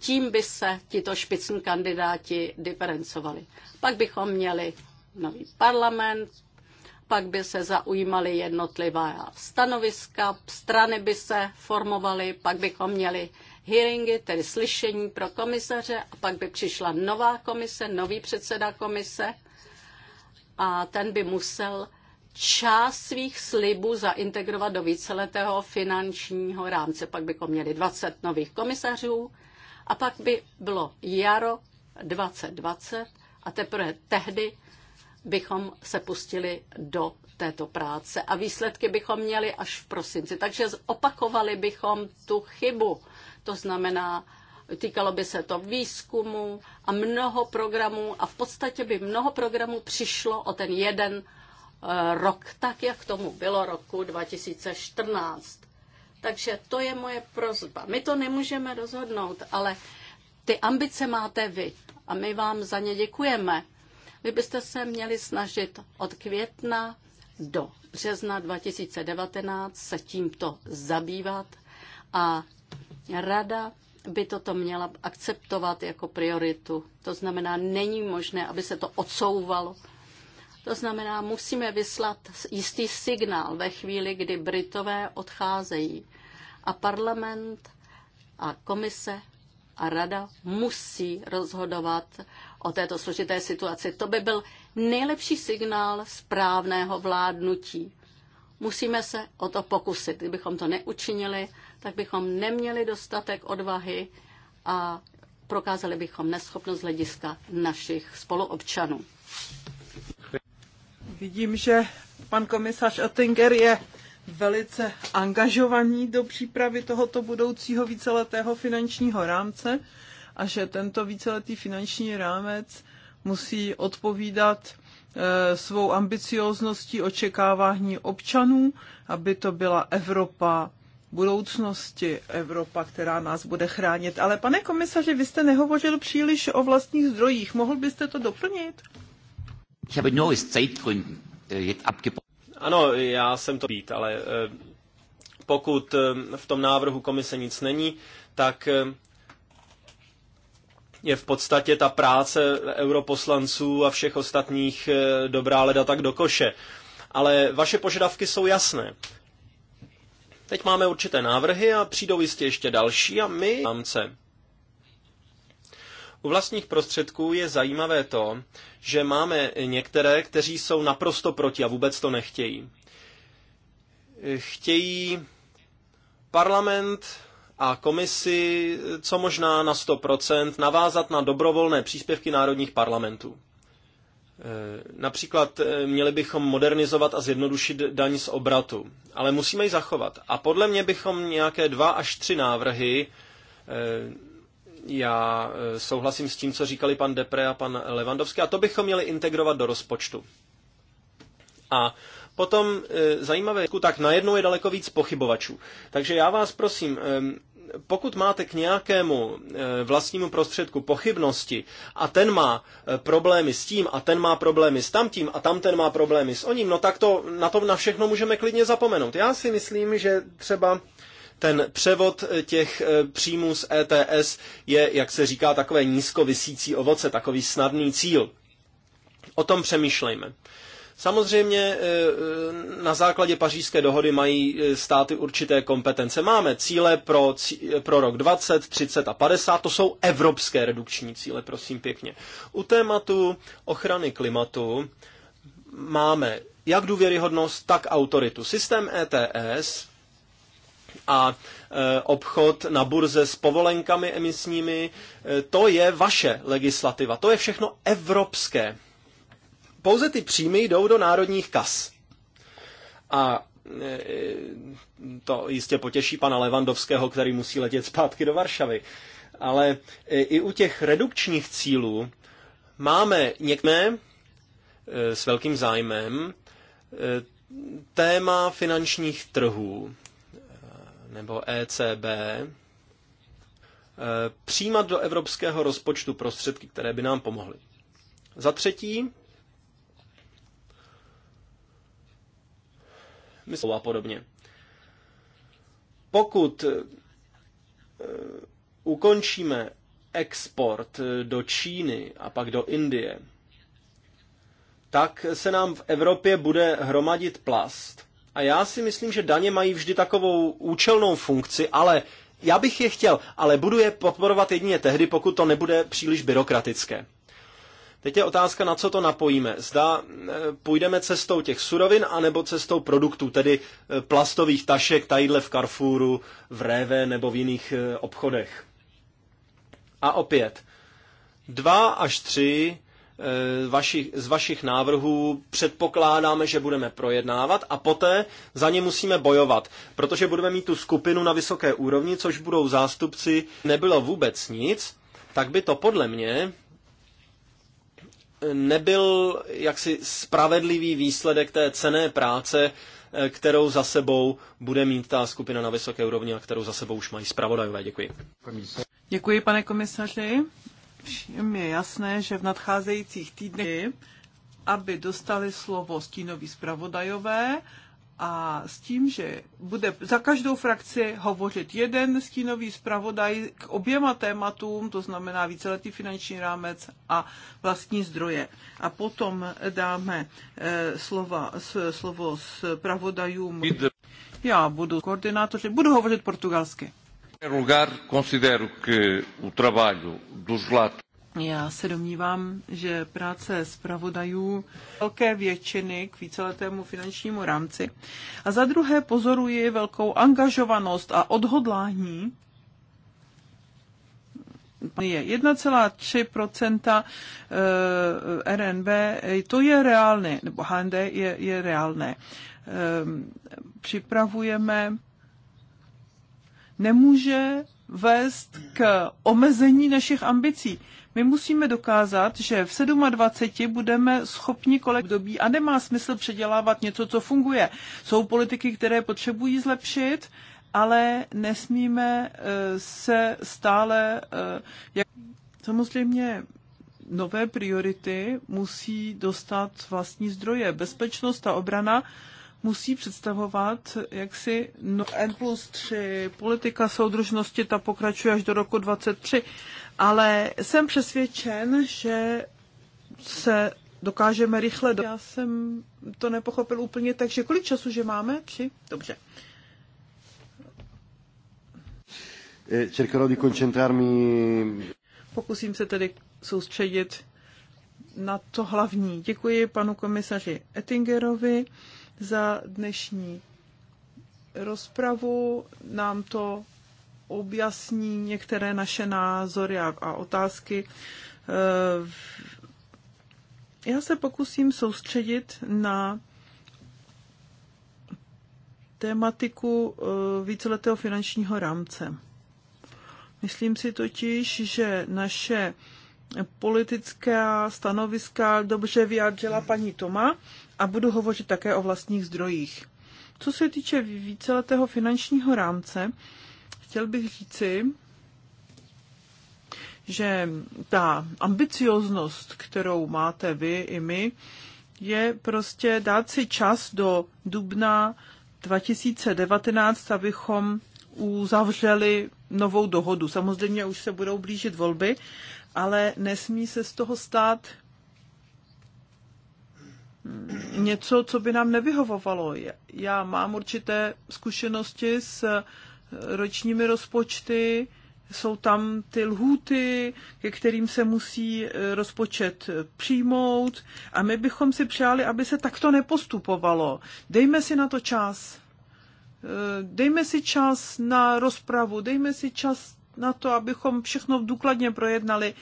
tím by se tito špicní kandidáti diferencovali. Pak bychom měli nový parlament, pak by se zaujímaly jednotlivá stanoviska, strany by se formovaly, pak bychom měli hearingy, tedy slyšení pro komisaře a pak by přišla nová komise, nový předseda komise a ten by musel část svých slibů zaintegrovat do víceletého finančního rámce. Pak bychom měli 20 nových komisařů a pak by bylo jaro 2020 a teprve tehdy bychom se pustili do této práce a výsledky bychom měli až v prosinci. Takže opakovali bychom tu chybu. To znamená, týkalo by se to výzkumu a mnoho programů a v podstatě by mnoho programů přišlo o ten jeden eh, rok, tak jak tomu bylo roku 2014. Takže to je moje prozba. My to nemůžeme rozhodnout, ale ty ambice máte vy a my vám za ně děkujeme. Vy byste se měli snažit od května do března 2019 se tímto zabývat a rada by toto měla akceptovat jako prioritu. To znamená, není možné, aby se to odsouvalo. To znamená, musíme vyslat jistý signál ve chvíli, kdy Britové odcházejí. A parlament a komise a rada musí rozhodovat o této složité situaci. To by byl nejlepší signál správného vládnutí. Musíme se o to pokusit. Kdybychom to neučinili, tak bychom neměli dostatek odvahy a prokázali bychom neschopnost hlediska našich spoluobčanů. Vidím, že pan komisař Oettinger je velice angažovaný do přípravy tohoto budoucího víceletého finančního rámce a že tento víceletý finanční rámec musí odpovídat eh, svou ambiciózností očekávání občanů, aby to byla Evropa budoucnosti, Evropa, která nás bude chránit. Ale pane komisaři, vy jste nehovořil příliš o vlastních zdrojích. Mohl byste to doplnit? Ich habe nur aus Zeitgründen äh, jetzt abgebrochen. Ano, já jsem to být, ale eh, pokud eh, v tom návrhu komise nic není, tak je v podstatě ta práce europoslanců a všech ostatních eh, dobrá leda tak do koše. Ale vaše požadavky jsou jasné. Teď máme určité návrhy a přijdou jistě ještě další a my rámce. U vlastních prostředků je zajímavé to, že máme některé, kteří jsou naprosto proti a vůbec to nechtějí. Eh, chtějí parlament a komisi co možná na 100% navázat na dobrovolné příspěvky národních parlamentů. E, například e, měli bychom modernizovat a zjednodušit daň z obratu, ale musíme ji zachovat. A podle mě bychom nějaké dva až tři návrhy, e, já souhlasím s tím, co říkali pan Depre a pan Levandovský, a to bychom měli integrovat do rozpočtu. A potom zajímavé, tak najednou je daleko víc pochybovačů. Takže já vás prosím, pokud máte k nějakému e, vlastnímu prostředku pochybnosti a ten má e, problémy s tím a ten má problémy s tamtím a tamten má problémy s oním, no tak to na to na všechno můžeme klidně zapomenout. Já si myslím, že třeba ten převod e, těch příjmů z ETS je, jak se říká, takové nízko vysící ovoce, takový snadný cíl. O tom přemýšlejme. Samozřejmě eh, eh, na základě pařížské dohody mají eh, státy určité kompetence. Máme cíle pro, pro rok 20, 30 a 50, to jsou evropské redukční cíle, prosím pěkně. U tématu ochrany klimatu máme jak důvěryhodnost, tak autoritu. Systém ETS a obchod na burze s povolenkami emisními, to je vaše legislativa, to je všechno evropské pouze ty příjmy jdou do národních kas. A e, to jistě potěší pana Levandovského, který musí letět zpátky do Varšavy. Ale e, i u těch redukčních cílů máme někde s velkým zájmem e, téma finančních trhů nebo ECB přijímat do evropského rozpočtu prostředky, které by nám pomohly. Za třetí, myslou a podobně. Pokud eh, eh, ukončíme export eh, do Číny a pak do Indie, tak se nám v Evropě bude hromadit plast. A já si myslím, že daně mají vždy takovou účelnou funkci, ale já bych je chtěl, ale budu je podporovat jedině tehdy, pokud to nebude příliš byrokratické. Teď je otázka, na co to napojíme. Zda e, půjdeme cestou těch surovin, anebo cestou produktů, tedy e, plastových tašek tadyhle v Carrefouru, v Réve nebo v jiných e, obchodech. A opět, dva až tři vašich, z vašich návrhů předpokládáme, že budeme projednávat a poté za ně musíme bojovat, protože budeme mít tu skupinu na vysoké úrovni, což budou zástupci, nebylo vůbec nic, tak by to podle mě nebyl jaksi spravedlivý výsledek té cené práce, eh, kterou za sebou bude mít ta skupina na vysoké úrovni a kterou za sebou už mají zpravodajové. Děkuji. Děkuji, pane komisaři. Všem je jasné, že v nadcházejících týdnech, aby dostali slovo stínoví zpravodajové a s tím, že bude za každou frakci hovořit jeden stínový zpravodaj k oběma tématům, to znamená víceletý finanční rámec a vlastní zdroje. A potom dáme eh, slova, slovo zpravodajům. Já budu koordinátoři, budu hovořit portugalsky. lugar, considero que o trabalho dos relatos já se domnívám, že práce zpravodajů velké většiny k víceletému finančnímu rámci a za druhé pozoruji velkou angažovanost a odhodlání je 1,3 eh, RNB, to je reálné, nebo HND je, je reálné. Eh, připravujeme, nemůže vést k omezení našich ambicí my musíme dokázat, že v 27 budeme schopni kolek dobí a nemá smysl předělávat něco, co funguje. Jsou politiky, které potřebují zlepšit, ale nesmíme eh, se stále... Eh, jak... Samozřejmě nové priority musí dostat vlastní zdroje. Bezpečnost a obrana musí představovat jaksi no, N plus 3, politika soudržnosti, ta pokračuje až do roku 23 ale jsem přesvědčen, že se dokážeme rychle... Do... Já jsem to nepochopil úplně, takže kolik času, že máme? Tři? Dobře. Eh, cercherò di concentrarmi... Pokusím se tedy soustředit na to hlavní. Děkuji panu komisaři Ettingerovi za dnešní rozpravu. Nám to objasní některé naše názory a, a otázky. E, já se pokusím soustředit na tématiku e, víceletého finančního rámce. Myslím si totiž, že naše politická stanoviska dobře vyjádřila paní Toma a budu hovořit také o vlastních zdrojích. Co se týče víceletého finančního rámce, Chtěl bych říci, že ta ambicioznost, kterou máte vy i my, je prostě dát si čas do dubna 2019, abychom uzavřeli novou dohodu. Samozřejmě už se budou blížit volby, ale nesmí se z toho stát něco, co by nám nevyhovovalo. Já mám určité zkušenosti s ročními rozpočty, jsou tam ty lhůty, ke kterým se musí e, rozpočet přijmout a my bychom si přáli, aby se takto nepostupovalo. Dejme si na to čas. E, dejme si čas na rozpravu, dejme si čas na to, abychom všechno důkladně projednali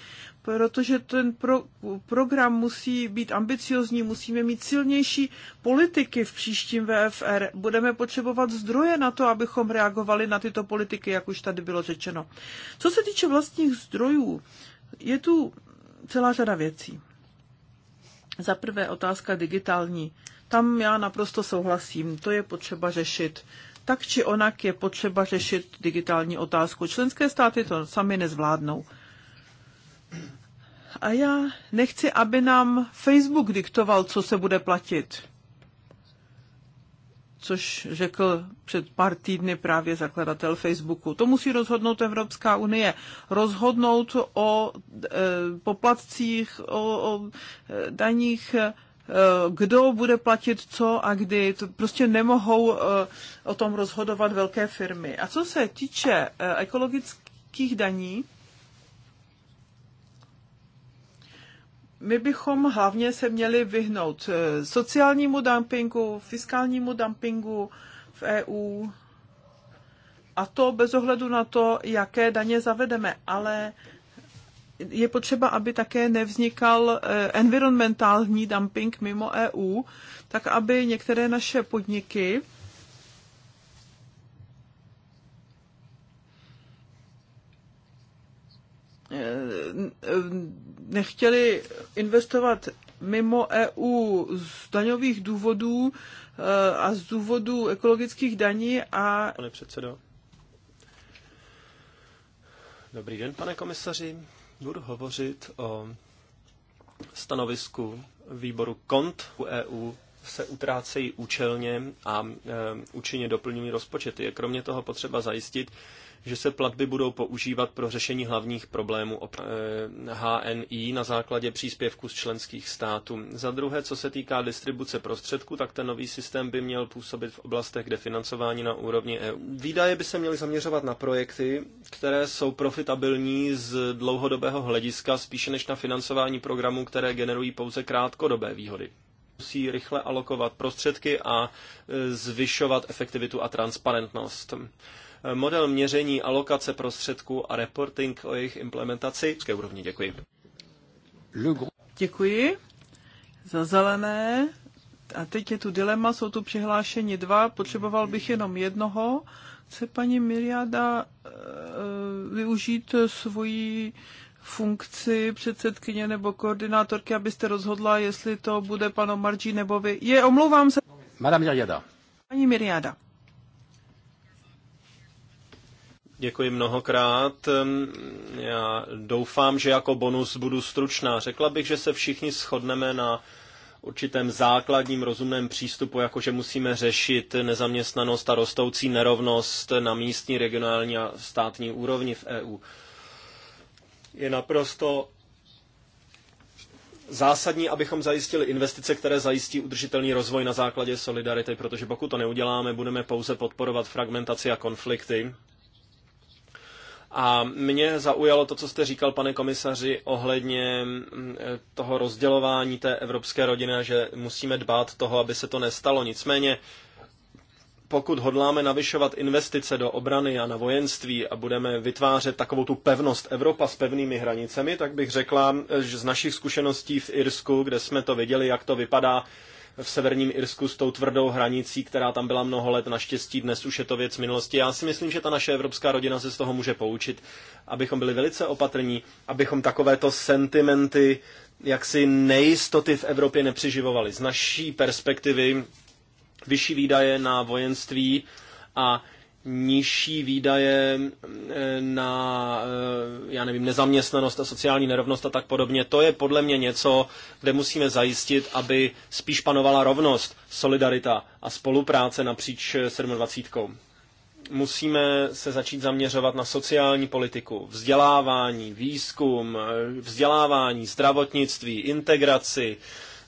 protože ten pro, program musí být ambiciozní, musíme mít silnější politiky v příštím VFR. Budeme potřebovat zdroje na to, abychom reagovali na tyto politiky, jak už tady bylo řečeno. Co se týče vlastních zdrojů, je tu celá řada věcí. Za prvé otázka digitální. Tam já naprosto souhlasím, to je potřeba řešit tak či onak je potřeba řešit digitální otázku. Členské státy to sami nezvládnou. A já nechci, aby nám Facebook diktoval, co se bude platit. Což řekl před pár týdny právě zakladatel Facebooku. To musí rozhodnout Evropská unie. Rozhodnout o e, poplatcích, o, o e, daních. E, kdo bude platit co a kdy. To prostě nemohou e, o tom rozhodovat velké firmy. A co se týče e, ekologických daní, my bychom hlavně se měli vyhnout eh, sociálnímu dumpingu, fiskálnímu dumpingu v EU, a to bez ohledu na to, jaké daně zavedeme, ale je potřeba, aby také nevznikal eh, environmentální dumping mimo EU, tak aby některé naše podniky eh, nechtěli investovat mimo EU z daňových důvodů eh, a z důvodů ekologických daní a... Pane předsedo. Dobrý den, pane komisaři. Budu hovořit o stanovisku výboru KONT u EU se utrácejí účelně a e, účinně doplňují rozpočety. Je kromě toho potřeba zajistit, že se platby budou používat pro řešení hlavních problémů HNI eh, na základě příspěvku z členských států. Za druhé, co se týká distribuce prostředků, tak ten nový systém by měl působit v oblastech, kde financování na úrovni EU. Výdaje by se měly zaměřovat na projekty, které jsou profitabilní z dlouhodobého hlediska spíše než na financování programů, které generují pouze krátkodobé výhody musí rychle alokovat prostředky a eh, zvyšovat efektivitu a transparentnost model měření alokace prostředků a reporting o jejich implementaci v úrovni. Děkuji. Děkuji. Za zelené. A teď je tu dilema, jsou tu přihlášeni dva, potřeboval bych jenom jednoho. Chce paní Miriada eh, využít svoji funkci předsedkyně nebo koordinátorky, abyste rozhodla, jestli to bude pan Omarji nebo vy. Je, omlouvám se. Madame Miriada. Paní Miriada. Děkuji mnohokrát. Já doufám, že jako bonus budu stručná. Řekla bych, že se všichni shodneme na určitém základním rozumném přístupu, jakože musíme řešit nezaměstnanost a rostoucí nerovnost na místní, regionální a státní úrovni v EU. Je naprosto zásadní, abychom zajistili investice, které zajistí udržitelný rozvoj na základě solidarity, protože pokud to neuděláme, budeme pouze podporovat fragmentaci a konflikty a mě zaujalo to, co jste říkal, pane komisaři, ohledně mm, eh, toho rozdělování té evropské rodiny že musíme dbát toho, aby se to nestalo. Nicméně, pokud hodláme navyšovat investice do obrany a na vojenství a budeme vytvářet takovou tu pevnost Evropa s pevnými hranicemi, tak bych řekla, eh, že z našich zkušeností v Irsku, kde jsme to viděli, jak to vypadá, v severním Irsku s tou tvrdou hranicí, která tam byla mnoho let. Naštěstí dnes už je to věc minulosti. Já si myslím, že ta naše evropská rodina se z toho může poučit, abychom byli velice opatrní, abychom takovéto sentimenty jaksi nejistoty v Evropě nepřiživovali. Z naší perspektivy vyšší výdaje na vojenství a nižší výdaje eh, na, eh, já nevím, nezaměstnanost a sociální nerovnost a tak podobně. To je podle mě něco, kde musíme zajistit, aby spíš panovala rovnost, solidarita a spolupráce napříč 27. Eh, musíme se začít zaměřovat na sociální politiku, vzdělávání, výzkum, vzdělávání, zdravotnictví, integraci,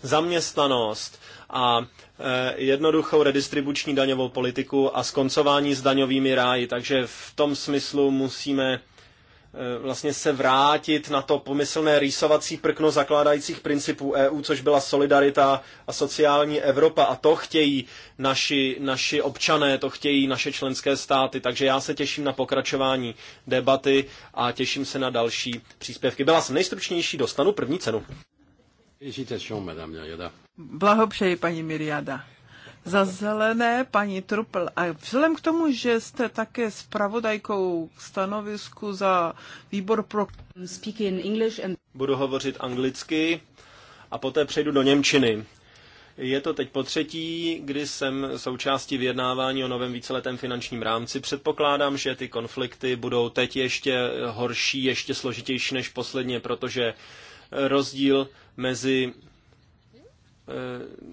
zaměstnanost a eh, jednoduchou redistribuční daňovou politiku a skoncování s daňovými ráji. Takže v tom smyslu musíme eh, vlastně se vrátit na to pomyslné rýsovací prkno zakládajících principů EU, což byla solidarita a sociální Evropa. A to chtějí naši, naši občané, to chtějí naše členské státy. Takže já se těším na pokračování debaty a těším se na další příspěvky. Byla jsem nejstručnější, dostanu první cenu. Blahopřeji, paní Miriada. Za zelené, paní Trupl. A vzhledem k tomu, že jste také zpravodajkou k stanovisku za výbor pro... And... Budu hovořit anglicky a poté přejdu do Němčiny. Je to teď po třetí, kdy jsem součástí vyjednávání o novém víceletém finančním rámci. Předpokládám, že ty konflikty budou teď ještě horší, ještě složitější než posledně, protože rozdíl mezi eh,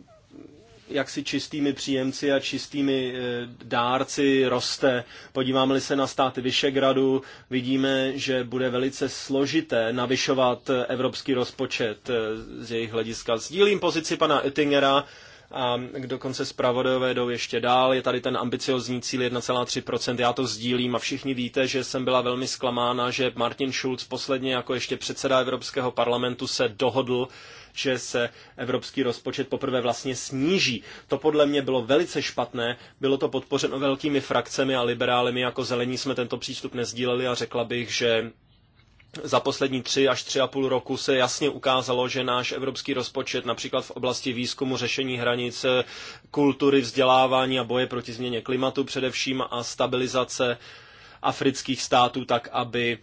jaksi čistými příjemci a čistými eh, dárci roste. Podíváme-li se na státy Vyšegradu, vidíme, že bude velice složité navyšovat eh, evropský rozpočet z jejich hlediska. Sdílím pozici pana Oettingera a dokonce zpravodajové jdou ještě dál. Je tady ten ambiciozní cíl 1,3%, já to sdílím a všichni víte, že jsem byla velmi zklamána, že Martin Schulz posledně jako ještě předseda Evropského parlamentu se dohodl, že se evropský rozpočet poprvé vlastně sníží. To podle mě bylo velice špatné, bylo to podpořeno velkými frakcemi a liberálemi jako zelení jsme tento přístup nezdíleli a řekla bych, že za poslední tři až tři a půl roku se jasně ukázalo, že náš evropský rozpočet například v oblasti výzkumu, řešení hranic, kultury, vzdělávání a boje proti změně klimatu především a stabilizace afrických států, tak aby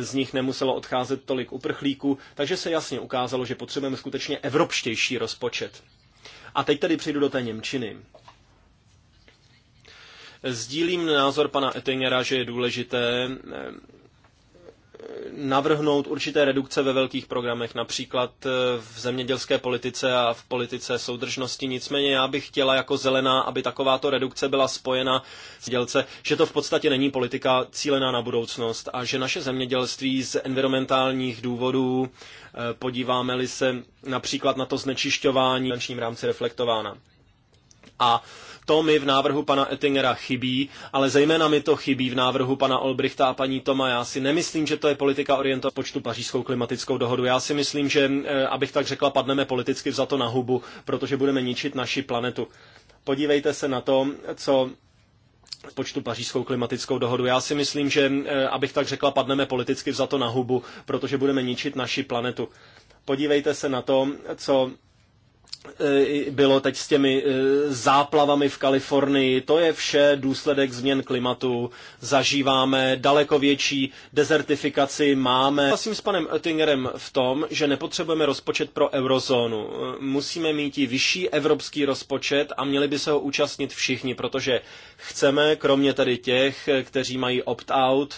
z nich nemuselo odcházet tolik uprchlíků. Takže se jasně ukázalo, že potřebujeme skutečně evropštější rozpočet. A teď tedy přijdu do té Němčiny. Sdílím názor pana Ettingera, že je důležité eh, navrhnout určité redukce ve velkých programech, například eh, v zemědělské politice a v politice soudržnosti. Nicméně já bych chtěla jako zelená, aby takováto redukce byla spojena s dělce, že to v podstatě není politika cílená na budoucnost a že naše zemědělství z environmentálních důvodů, eh, podíváme-li se například na to znečišťování, v rámci reflektována. A to mi v návrhu pana Ettingera chybí, ale zejména mi to chybí v návrhu pana Olbrichta a paní Toma. Já si nemyslím, že to je politika orientovaná počtu pařížskou klimatickou dohodu. Já si myslím, že, eh, abych tak řekla, padneme politicky za to na hubu, protože budeme ničit naši planetu. Podívejte se na to, co počtu pařížskou klimatickou dohodu. Já si myslím, že, eh, abych tak řekla, padneme politicky za to na hubu, protože budeme ničit naši planetu. Podívejte se na to, co Eh, bylo teď s těmi eh, záplavami v Kalifornii. To je vše důsledek změn klimatu. Zažíváme daleko větší dezertifikaci, máme... Vlastním s panem Oettingerem v tom, že nepotřebujeme rozpočet pro eurozónu. Eh, musíme mít i vyšší evropský rozpočet a měli by se ho účastnit všichni, protože chceme, kromě tedy těch, kteří mají opt-out,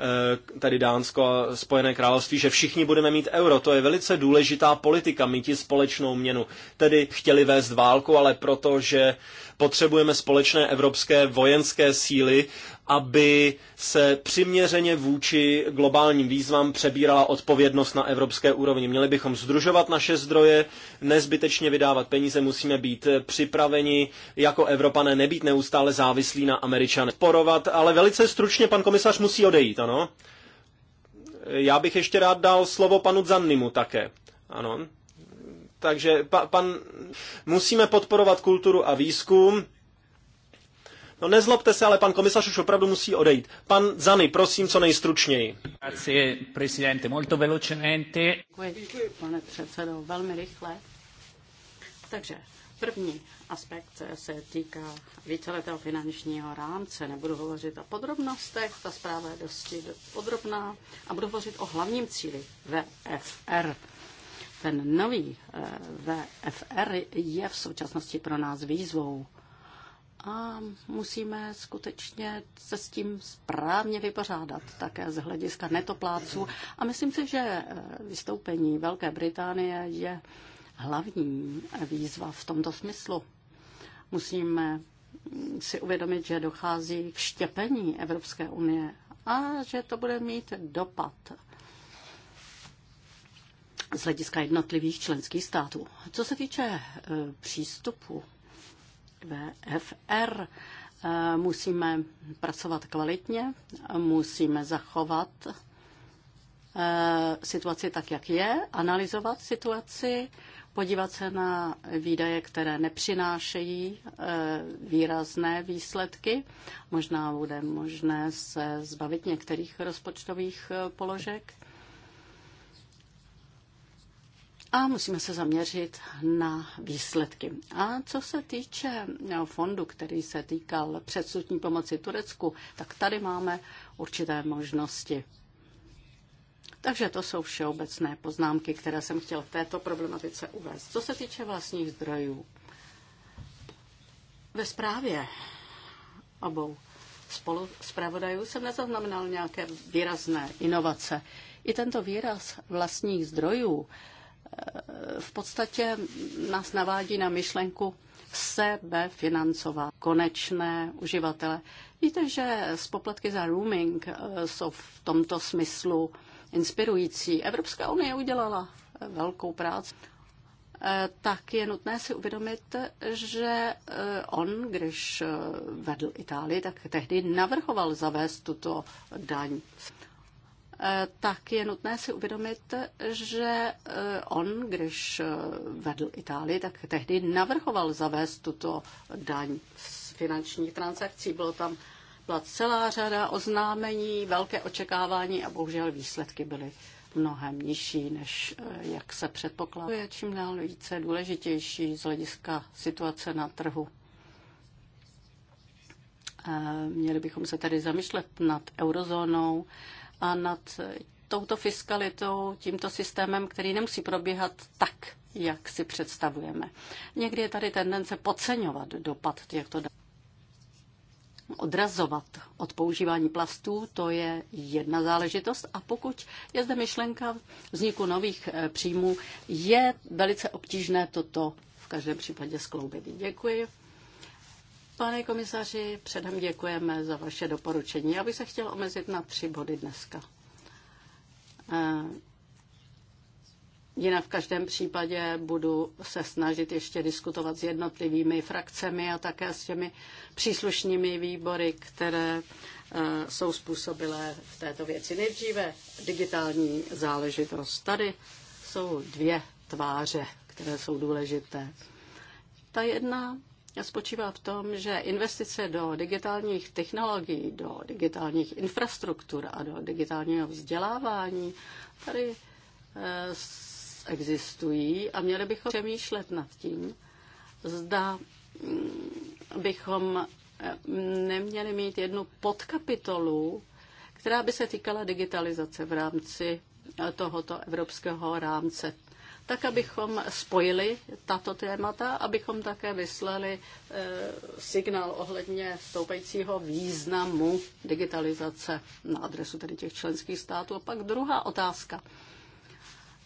Eh, tedy Dánsko a Spojené království, že všichni budeme mít euro. To je velice důležitá politika, mít společnou měnu. Tedy chtěli vést válku, ale protože Potřebujeme společné evropské vojenské síly, aby se přiměřeně vůči globálním výzvám přebírala odpovědnost na evropské úrovni. Měli bychom združovat naše zdroje, nezbytečně vydávat peníze, musíme být připraveni jako Evropané nebýt neustále závislí na Američanech. Porovat, ale velice stručně pan komisař musí odejít, ano? Já bych ještě rád dal slovo panu Zannimu také. Ano. Takže pa, pan, musíme podporovat kulturu a výzkum. No nezlobte se, ale pan komisař už opravdu musí odejít. Pan Zany, prosím, co nejstručněji. Grazie, presidente, molto velocemente. Děkuji, pane předsedo, velmi rychle. Takže první aspekt se týká víceletého finančního rámce. Nebudu hovořit o podrobnostech, ta zpráva je dosti podrobná a budu hovořit o hlavním cíli VFR ten nový eh, VFR je v současnosti pro nás výzvou a musíme skutečně se s tím správně vypořádat, také z hlediska netopláců. A myslím si, že eh, vystoupení Velké Británie je hlavní výzva v tomto smyslu. Musíme mm, si uvědomit, že dochází k štěpení Evropské unie a že to bude mít dopad z hlediska jednotlivých členských států. Co se týče e, přístupu k VFR, e, musíme pracovat kvalitně, musíme zachovat e, situaci tak, jak je, analyzovat situaci, podívat se na výdaje, které nepřinášejí výrazné výsledky. Možná bude možné se zbavit některých rozpočtových položek a musíme se zaměřit na výsledky. A co se týče no, fondu, který se týkal předsudní pomoci Turecku, tak tady máme určité možnosti. Takže to jsou všeobecné poznámky, které jsem chtěl v této problematice uvést. Co se týče vlastních zdrojů, ve zprávě obou spolu zpravodajů jsem nezaznamenal nějaké výrazné inovace. I tento výraz vlastních zdrojů v podstatě nás navádí na myšlenku sebefinancovat konečné uživatele. Víte, že poplatky za roaming eh, jsou v tomto smyslu inspirující. Evropská unie udělala eh, velkou práci eh, tak je nutné si uvědomit, že on, když vedl Itálii, tak tehdy navrhoval zavést tuto daň. Eh, tak je nutné si uvědomit, že eh, on, když eh, vedl Itálii, tak tehdy navrhoval zavést tuto daň z finančních transakcí. Bylo tam byla celá řada oznámení, velké očekávání a bohužel výsledky byly mnohem nižší, než jak se předpokládá. Je čím dál více důležitější z hlediska situace na trhu. Měli bychom se tady zamýšlet nad eurozónou, a nad touto fiskalitou, tímto systémem, který nemusí probíhat tak, jak si představujeme. Někdy je tady tendence podceňovat dopad těchto dat. Odrazovat od používání plastů, to je jedna záležitost. A pokud je zde myšlenka vzniku nových eh, příjmů, je velice obtížné toto v každém případě skloubit. Děkuji. Pane komisaři, předem děkujeme za vaše doporučení. Já bych se chtěl omezit na tři body dneska. Eh, jinak v každém případě budu se snažit ještě diskutovat s jednotlivými frakcemi a také s těmi příslušnými výbory, které eh, jsou způsobilé v této věci. Nejdříve digitální záležitost. Tady jsou dvě tváře, které jsou důležité. Ta jedna spočívá v tom, že investice do digitálních technologií, do digitálních infrastruktur a do digitálního vzdělávání tady eh, existují a měli bychom přemýšlet nad tím, zda mm, bychom eh, neměli mít jednu podkapitolu, která by se týkala digitalizace v rámci eh, tohoto evropského rámce tak abychom spojili tato témata, abychom také vyslali eh, signál ohledně stoupajícího významu digitalizace na adresu tedy těch členských států. A pak druhá otázka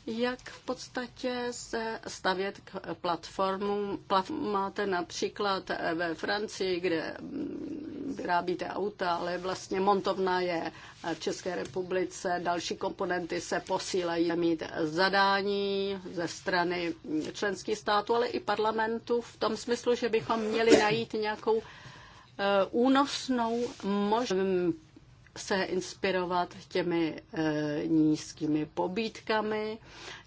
jak v podstatě se stavět k platformům. máte například eh, ve Francii, kde mm, vyrábíte auta, ale vlastně montovna je v České republice, další komponenty se posílají mít zadání ze strany členských států, ale i parlamentu v tom smyslu, že bychom měli najít nějakou eh, únosnou možnost se inspirovat těmi e, nízkými pobítkami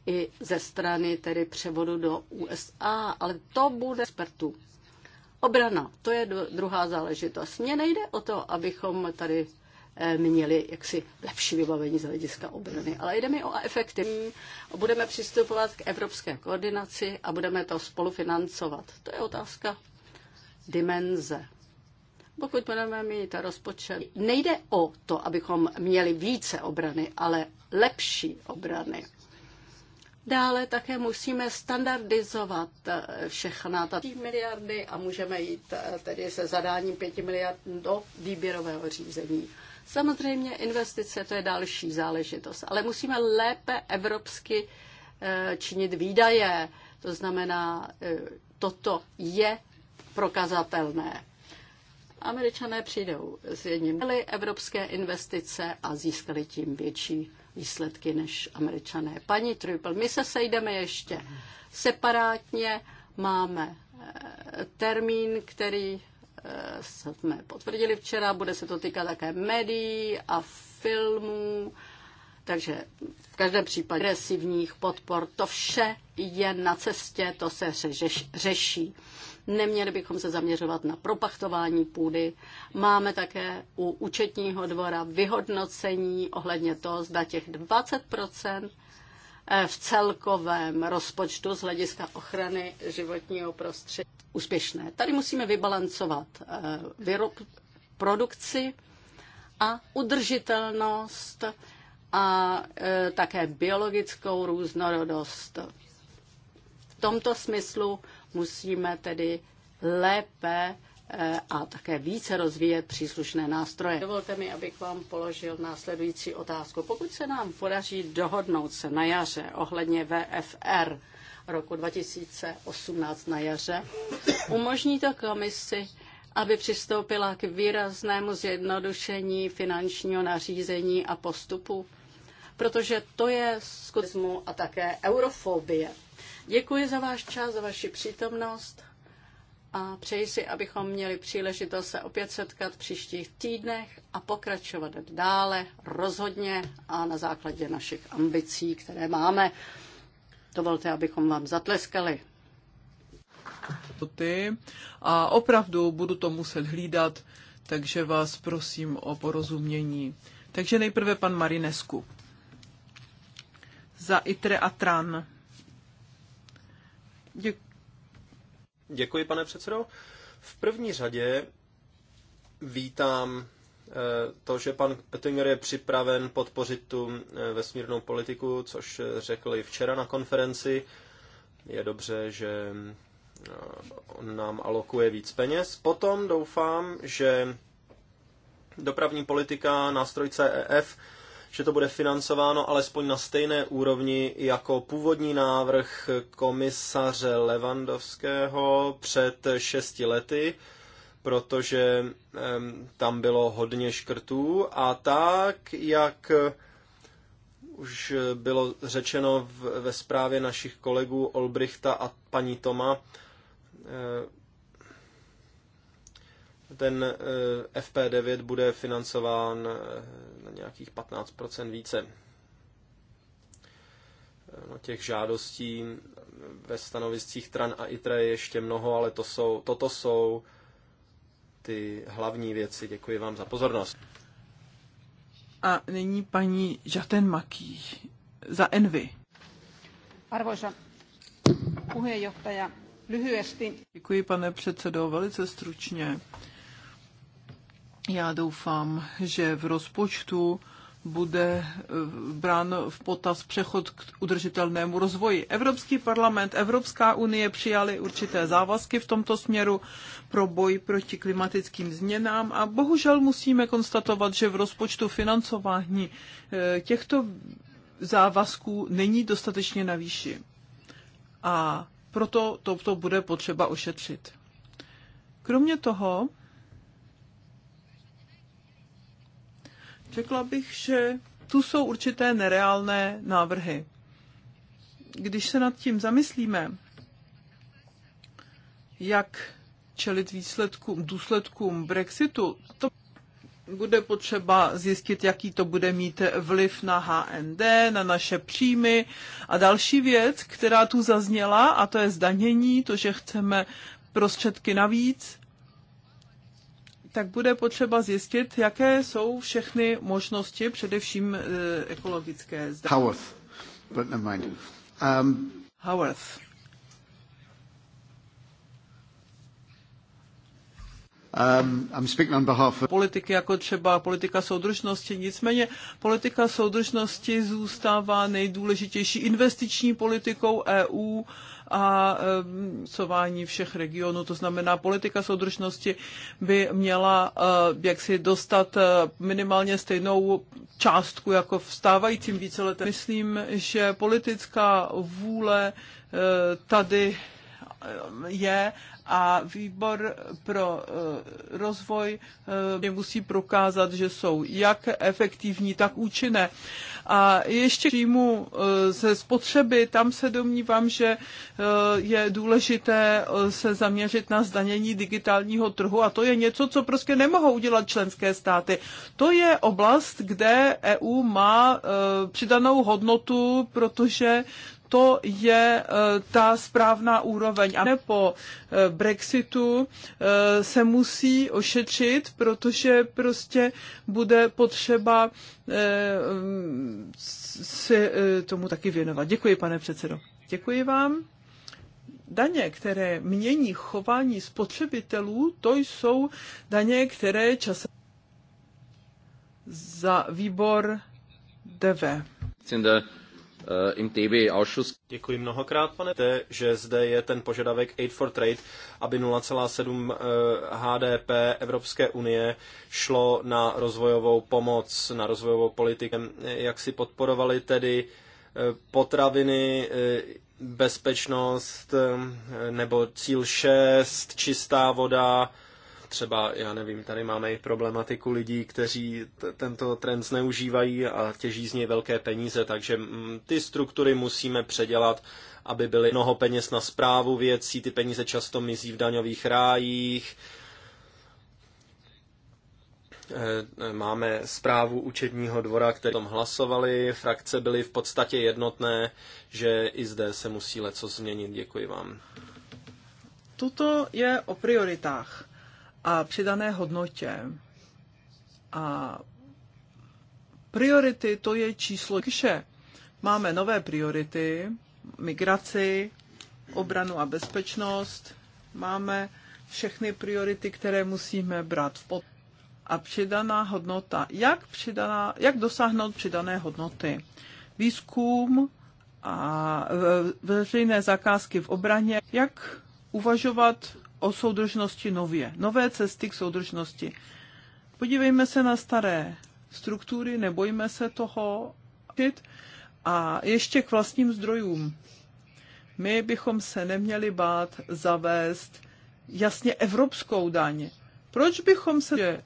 i ze strany tedy převodu do USA, ale to bude expertů. Obrana, to je druhá záležitost. Mně nejde o to, abychom tady e, měli jaksi lepší vybavení z hlediska obrany. Ale jde mi o efektivní. Budeme přistupovat k evropské koordinaci a budeme to spolufinancovat. To je otázka dimenze. Pokud budeme mít rozpočet, nejde o to, abychom měli více obrany, ale lepší obrany. Dále také musíme standardizovat eh, všechna ta miliardy a můžeme jít eh, tedy se zadáním 5 miliard do výběrového řízení. Samozřejmě investice to je další záležitost, ale musíme lépe evropsky eh, činit výdaje. To znamená, toto je prokazatelné. Američané přijdou s jedním evropské investice a získali tím větší výsledky než američané. Paní Trupel, my se sejdeme ještě separátně, máme eh, termín, který eh, jsme potvrdili včera, bude se to týkat také médií a filmů, takže v každém případě agresivních podpor, to vše je na cestě, to se řeš, řeší. Neměli bychom se zaměřovat na propachtování půdy. Máme také u účetního dvora vyhodnocení ohledně toho, zda těch 20 eh, v celkovém rozpočtu z hlediska ochrany životního prostředí úspěšné. Tady musíme vybalancovat eh, výrob, produkci a udržitelnost a eh, také biologickou různorodost. V tomto smyslu Musíme tedy lépe eh, a také více rozvíjet příslušné nástroje. Dovolte mi, abych vám položil následující otázku. Pokud se nám podaří dohodnout se na jaře ohledně VFR roku 2018 na jaře, umožní to komisi, aby přistoupila k výraznému zjednodušení finančního nařízení a postupu, protože to je skutečnou a také eurofobie. Děkuji za váš čas, za vaši přítomnost a přeji si, abychom měli příležitost se opět setkat v příštích týdnech a pokračovat dále rozhodně a na základě našich ambicí, které máme. Dovolte, abychom vám zatleskali. To ty. A opravdu budu to muset hlídat, takže vás prosím o porozumění. Takže nejprve pan Marinesku. Za ITRE a TRAN. Děkuji. Děkuji, pane předsedo. V první řadě vítám eh, to, že pan Oettinger je připraven podpořit tu eh, vesmírnou politiku, což eh, řekl i včera na konferenci. Je dobře, že on nám alokuje víc peněz. Potom doufám, že dopravní politika, nástroj CEF že to bude financováno alespoň na stejné úrovni jako původní návrh komisaře Levandovského před šesti lety, protože tam bylo hodně škrtů a tak, jak už bylo řečeno ve zprávě našich kolegů Olbrichta a paní Toma, ten eh, FP9 bude financován eh, na nějakých 15% více. Eh, no, těch žádostí ve stanoviscích TRAN a ITRE je ještě mnoho, ale to jsou, toto jsou ty hlavní věci. Děkuji vám za pozornost. A nyní paní Žaten Maký za Envy. Arvoisa puheenjohtaja, lyhyesti. Děkuji, pane předsedo, velice stručně. Já doufám, že v rozpočtu bude eh, brán v potaz přechod k udržitelnému rozvoji. Evropský parlament, Evropská unie přijali určité závazky v tomto směru pro boj proti klimatickým změnám a bohužel musíme konstatovat, že v rozpočtu financování eh, těchto závazků není dostatečně na výši. A proto toto bude potřeba ošetřit. Kromě toho, Řekla bych, že tu jsou určité nereálné návrhy. Když se nad tím zamyslíme, jak čelit výsledkům, důsledkům Brexitu, to bude potřeba zjistit, jaký to bude mít vliv na HND, na naše příjmy. A další věc, která tu zazněla, a to je zdanění, to, že chceme prostředky navíc, tak bude potřeba zjistit, jaké jsou všechny možnosti, především eh, ekologické zdraví. Howarth, but never mind. Um... Howarth. Um, I'm speaking on behalf of... Politiky jako třeba politika soudržnosti, nicméně politika soudržnosti zůstává nejdůležitější investiční politikou EU a sování všech regionů. To znamená, politika soudržnosti by měla eh, jaksi dostat eh, minimálně stejnou částku jako v stávajícím víceletém. Myslím, že politická vůle eh, tady je a výbor pro eh, rozvoj eh, musí prokázat, že jsou jak efektivní, tak účinné. A ještě příjmu eh, ze spotřeby, tam se domnívám, že je důležité se zaměřit na zdanění digitálního trhu a to je něco, co prostě nemohou udělat členské státy. To je oblast, kde EU má přidanou hodnotu, protože to je e, ta správná úroveň. A po e, Brexitu e, se musí ošetřit, protože prostě bude potřeba se tomu taky věnovat. Děkuji, pane předsedo. Děkuji vám. Daně, které mění chování spotřebitelů, to jsou daně, které časem za výbor DV. Eh, im TB-Ausschuss. Děkuji mnohokrát, pane, že zde je ten požadavek Aid for Trade, aby 0,7 eh, HDP Evropské unie šlo na rozvojovou pomoc, na rozvojovou politiku. Jak si podporovali tedy eh, potraviny, bezpečnost nebo cíl 6, čistá voda, Třeba, já nevím, tady máme i problematiku lidí, kteří tento trend zneužívají a těží z něj velké peníze, takže mm, ty struktury musíme předělat, aby byly mnoho peněz na zprávu věcí, ty peníze často mizí v daňových rájích, eh, eh, Máme zprávu účetního dvora, který tom hlasovali, frakce byly v podstatě jednotné, že i zde se musí leco změnit. Děkuji vám. Tuto je o prioritách a přidané hodnotě. A priority to je číslo kše. Máme nové priority, migraci, obranu a bezpečnost, máme všechny priority, které musíme brát v pot. A přidaná hodnota. Jak, přidaná, jak dosáhnout přidané hodnoty? Výzkum a e, veřejné zakázky v obraně. Jak uvažovat o soudržnosti nově. Nové cesty k soudržnosti. Podívejme se na staré struktury, nebojme se toho. A ještě k vlastním zdrojům. My bychom se neměli bát zavést jasně evropskou daň. Proč bychom se... Že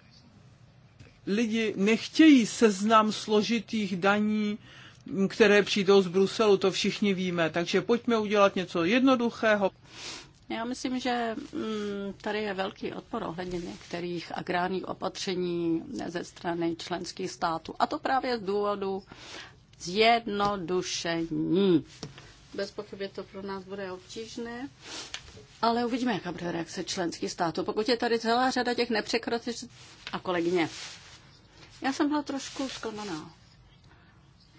lidi nechtějí seznam složitých daní, které přijdou z Bruselu, to všichni víme. Takže pojďme udělat něco jednoduchého. Já myslím, že mm, tady je velký odpor ohledně některých agrárních opatření ze strany členských států. A to právě z důvodu zjednodušení. Bez pochyby to pro nás bude obtížné, ale uvidíme, jaká bude reakce členských států. Pokud je tady celá řada těch nepřekročitelných... A kolegyně, já jsem byla trošku zklamaná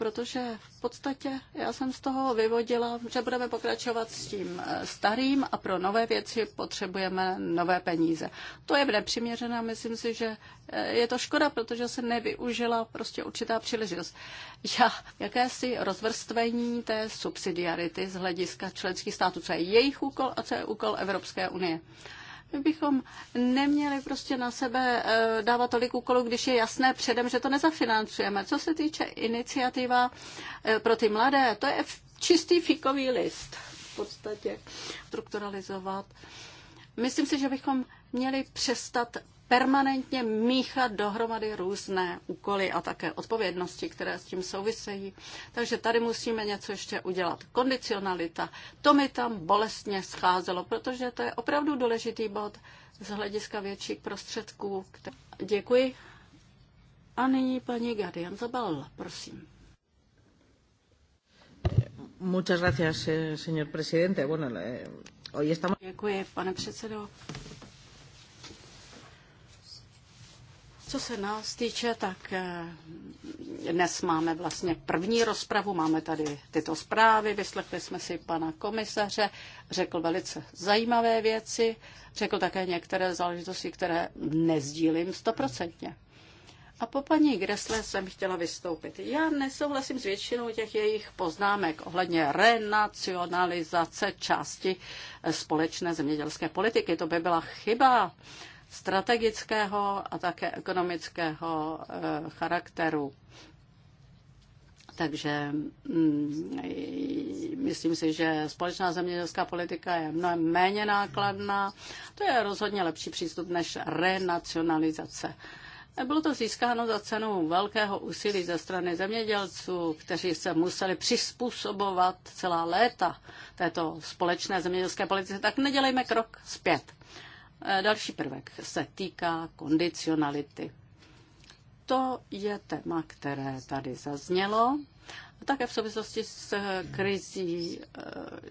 protože v podstatě já jsem z toho vyvodila, že budeme pokračovat s tím eh, starým a pro nové věci potřebujeme nové peníze. To je nepřiměřené a myslím si, že eh, je to škoda, protože se nevyužila prostě určitá příležitost. Já, jakési rozvrstvení té subsidiarity z hlediska členských států, co je jejich úkol a co je úkol Evropské unie. My bychom neměli prostě na sebe eh, dávat tolik úkolů, když je jasné předem, že to nezafinancujeme. Co se týče iniciativa eh, pro ty mladé, to je čistý fikový list v podstatě strukturalizovat. Myslím si, že bychom měli přestat permanentně míchat dohromady různé úkoly a také odpovědnosti, které s tím souvisejí. Takže tady musíme něco ještě udělat. Kondicionalita, to mi tam bolestně scházelo, protože to je opravdu důležitý bod z hlediska větších prostředků. Které... Děkuji. A nyní paní Gadian Zabal, prosím. Muchas gracias, eh, señor presidente. Bueno, eh, hoy estamos... Děkuji, pane předsedo. Co se nás týče, tak eh, dnes máme vlastně první rozpravu, máme tady tyto zprávy, vyslechli jsme si pana komisaře, řekl velice zajímavé věci, řekl také některé záležitosti, které nezdílím stoprocentně. A po paní Gresle jsem chtěla vystoupit. Já nesouhlasím s většinou těch jejich poznámek ohledně renacionalizace části společné zemědělské politiky. To by byla chyba strategického a také ekonomického eh, charakteru. Takže mm, myslím si, že společná zemědělská politika je mnohem méně nákladná. To je rozhodně lepší přístup než renacionalizace. Bylo to získáno za cenu velkého úsilí ze strany zemědělců, kteří se museli přizpůsobovat celá léta této společné zemědělské politice. Tak nedělejme krok zpět. Eh, další prvek se týká kondicionality. To je téma, které tady zaznělo. Také v souvislosti s krizí eh,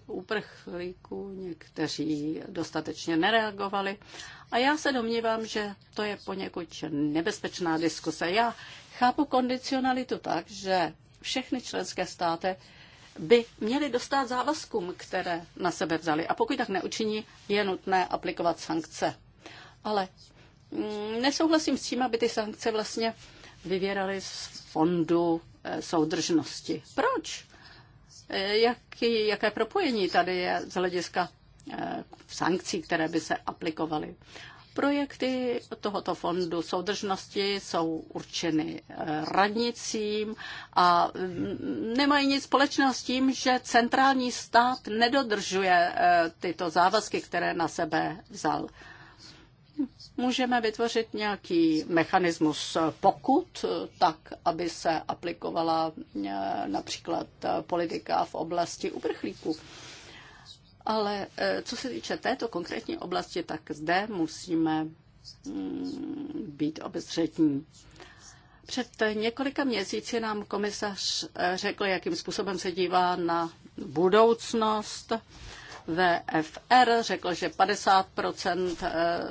uprchlíků někteří dostatečně nereagovali. A já se domnívám, že to je poněkud nebezpečná diskuse. Já chápu kondicionalitu tak, že všechny členské státy by měly dostat závazkům, které na sebe vzali. A pokud tak neučiní, je nutné aplikovat sankce. Ale mm, nesouhlasím s tím, aby ty sankce vlastně vyvěraly z fondu eh, soudržnosti. Proč? Eh, jaký, jaké propojení tady je z hlediska eh, sankcí, které by se aplikovaly? Projekty tohoto fondu soudržnosti jsou určeny eh, radnicím a mm, nemají nic společného s tím, že centrální stát nedodržuje eh, tyto závazky, které na sebe vzal. Můžeme vytvořit nějaký mechanismus pokud, tak, aby se aplikovala eh, například politika v oblasti uprchlíků. Ale e, co se týče této konkrétní oblasti, tak zde musíme mm, být obezřetní. Před několika měsíci nám komisař e, řekl, jakým způsobem se dívá na budoucnost VFR. Řekl, že 50 e,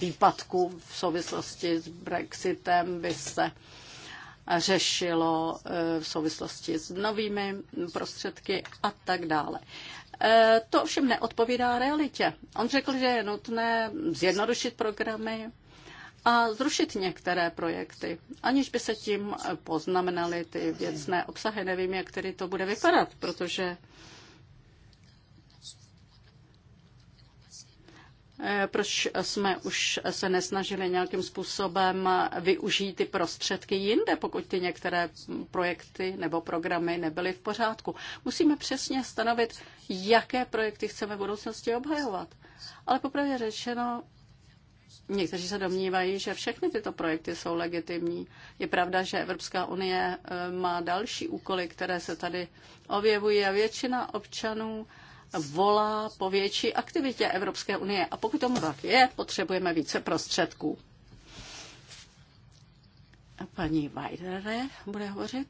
výpadků v souvislosti s Brexitem by se řešilo v souvislosti s novými prostředky a tak dále. E, to ovšem neodpovídá realitě. On řekl, že je nutné zjednodušit programy a zrušit některé projekty, aniž by se tím poznamenaly ty věcné obsahy. Nevím, jak tedy to bude vypadat, protože Eh, proč jsme už se nesnažili nějakým způsobem využít ty prostředky jinde, pokud ty některé projekty nebo programy nebyly v pořádku. Musíme přesně stanovit, jaké projekty chceme v budoucnosti obhajovat. Ale popravdě řečeno, Někteří se domnívají, že všechny tyto projekty jsou legitimní. Je pravda, že Evropská unie eh, má další úkoly, které se tady objevují a většina občanů volá po větší aktivitě Evropské unie. A pokud tomu tak je, potřebujeme více prostředků. A paní Weidere bude hovořit.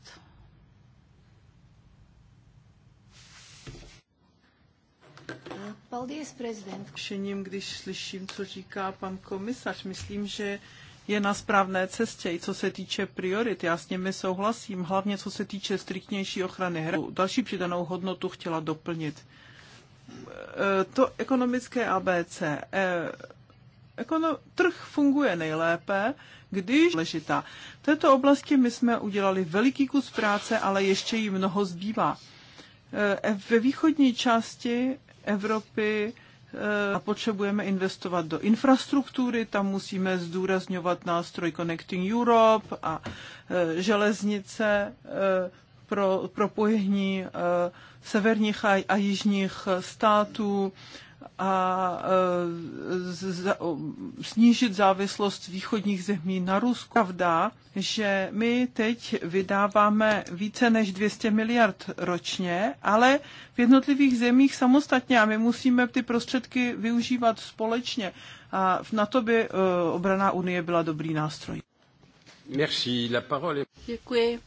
Všením, když slyším, co říká pan komisař, myslím, že je na správné cestě, i co se týče priorit. Já s nimi souhlasím, hlavně co se týče striktnější ochrany hry. Další přidanou hodnotu chtěla doplnit. Eh, to ekonomické ABC. Eh, ekono, trh funguje nejlépe, když ležitá. V této oblasti my jsme udělali veliký kus práce, ale ještě jí mnoho zbývá. Eh, ve východní části Evropy a potřebujeme investovat do infrastruktury, tam musíme zdůrazňovat nástroj Connecting Europe a železnice, pro propojení eh, severních a jižních států a eh, snížit závislost východních zemí na Rusku. Pravda, že my teď vydáváme více než 200 miliard ročně, ale v jednotlivých zemích samostatně a my musíme ty prostředky využívat společně. A na to by eh, obraná unie byla dobrý nástroj. Merci, la parole. Děkuji.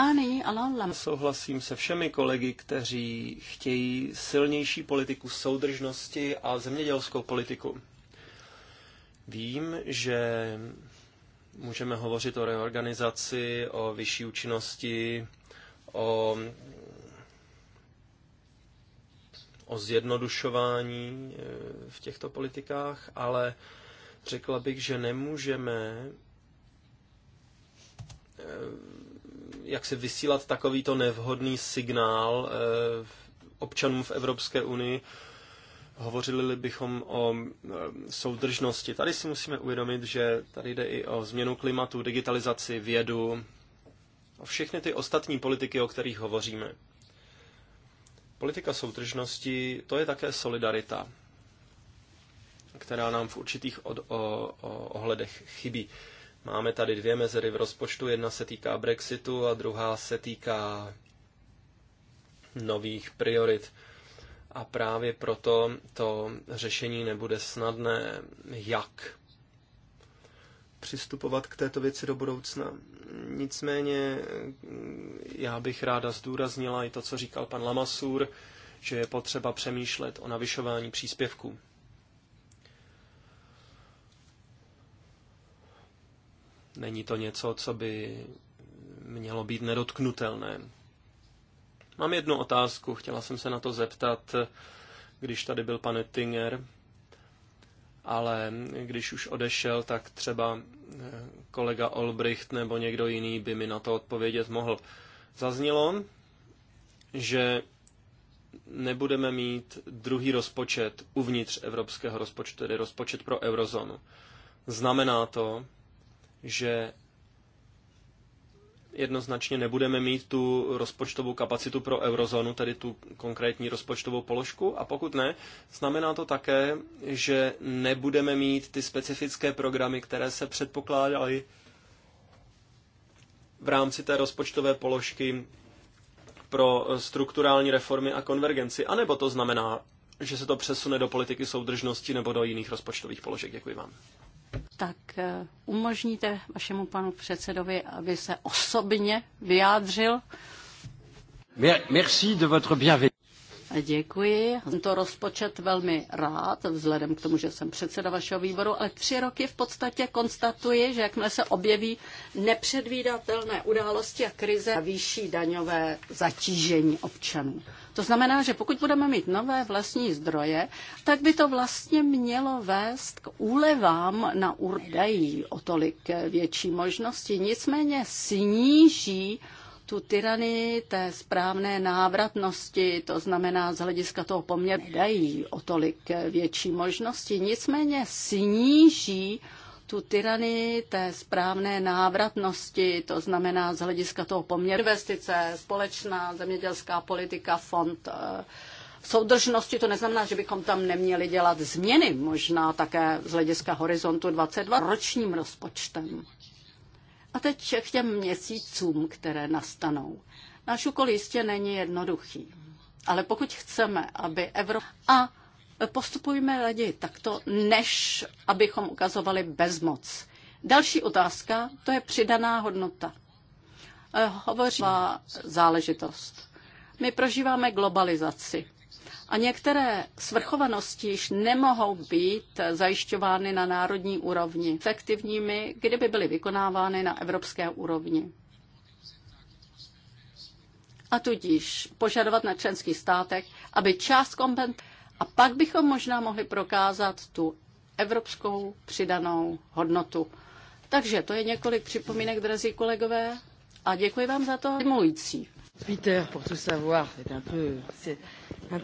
A nyní Alain Lam. Souhlasím se všemi kolegy, kteří chtějí silnější politiku soudržnosti a zemědělskou politiku. Vím, že můžeme hovořit o reorganizaci, o vyšší účinnosti, o, o zjednodušování e, v těchto politikách, ale řekla bych, že nemůžeme e, jak si vysílat takovýto nevhodný signál eh, občanům v Evropské unii, hovořili bychom o eh, soudržnosti. Tady si musíme uvědomit, že tady jde i o změnu klimatu, digitalizaci, vědu, o všechny ty ostatní politiky, o kterých hovoříme. Politika soudržnosti, to je také solidarita, která nám v určitých od, o, o, ohledech chybí. Máme tady dvě mezery v rozpočtu, jedna se týká Brexitu a druhá se týká nových priorit. A právě proto to řešení nebude snadné, jak přistupovat k této věci do budoucna. Nicméně já bych ráda zdůraznila i to, co říkal pan Lamasur, že je potřeba přemýšlet o navyšování příspěvků. Není to něco, co by mělo být nedotknutelné. Mám jednu otázku, chtěla jsem se na to zeptat, když tady byl pan Tinger, ale když už odešel, tak třeba eh, kolega Olbricht nebo někdo jiný by mi na to odpovědět mohl. Zaznělo, že nebudeme mít druhý rozpočet uvnitř evropského rozpočtu, tedy rozpočet pro eurozónu. Znamená to, že jednoznačně nebudeme mít tu rozpočtovou kapacitu pro eurozónu, tedy tu konkrétní rozpočtovou položku. A pokud ne, znamená to také, že nebudeme mít ty specifické programy, které se předpokládaly v rámci té rozpočtové položky pro strukturální reformy a konvergenci. A nebo to znamená, že se to přesune do politiky soudržnosti nebo do jiných rozpočtových položek. Děkuji vám tak eh, umožníte vašemu panu předsedovi, aby se osobně vyjádřil? Merci de votre bienvenue. Děkuji. To rozpočet velmi rád, vzhledem k tomu, že jsem předseda vašeho výboru, ale tři roky v podstatě konstatuji, že jakmile se objeví nepředvídatelné události a krize a výšší daňové zatížení občanů. To znamená, že pokud budeme mít nové vlastní zdroje, tak by to vlastně mělo vést k úlevám na urdejí o tolik větší možnosti. Nicméně sníží tu tyranii té správné návratnosti, to znamená z hlediska toho poměru dají o tolik větší možnosti, nicméně sníží tu tyranii té správné návratnosti, to znamená z hlediska toho poměru investice, společná zemědělská politika, fond eh, soudržnosti, to neznamená, že bychom tam neměli dělat změny, možná také z hlediska horizontu 22 ročním rozpočtem. A teď k těm měsícům, které nastanou. Náš úkol jistě není jednoduchý, ale pokud chceme, aby Evropa a postupujme raději takto, než abychom ukazovali bezmoc. Další otázka, to je přidaná hodnota. Eh, hovořila záležitost. My prožíváme globalizaci a některé svrchovanosti již nemohou být zajišťovány na národní úrovni efektivními, kdyby byly vykonávány na evropské úrovni. A tudíž požadovat na členských státech, aby část kompetencí a pak bychom možná mohli prokázat tu evropskou přidanou hodnotu. Takže to je několik připomínek, drazí kolegové, a děkuji vám za to. Mluvící. Peter, pour tout savoir, c'est un peu... C'est un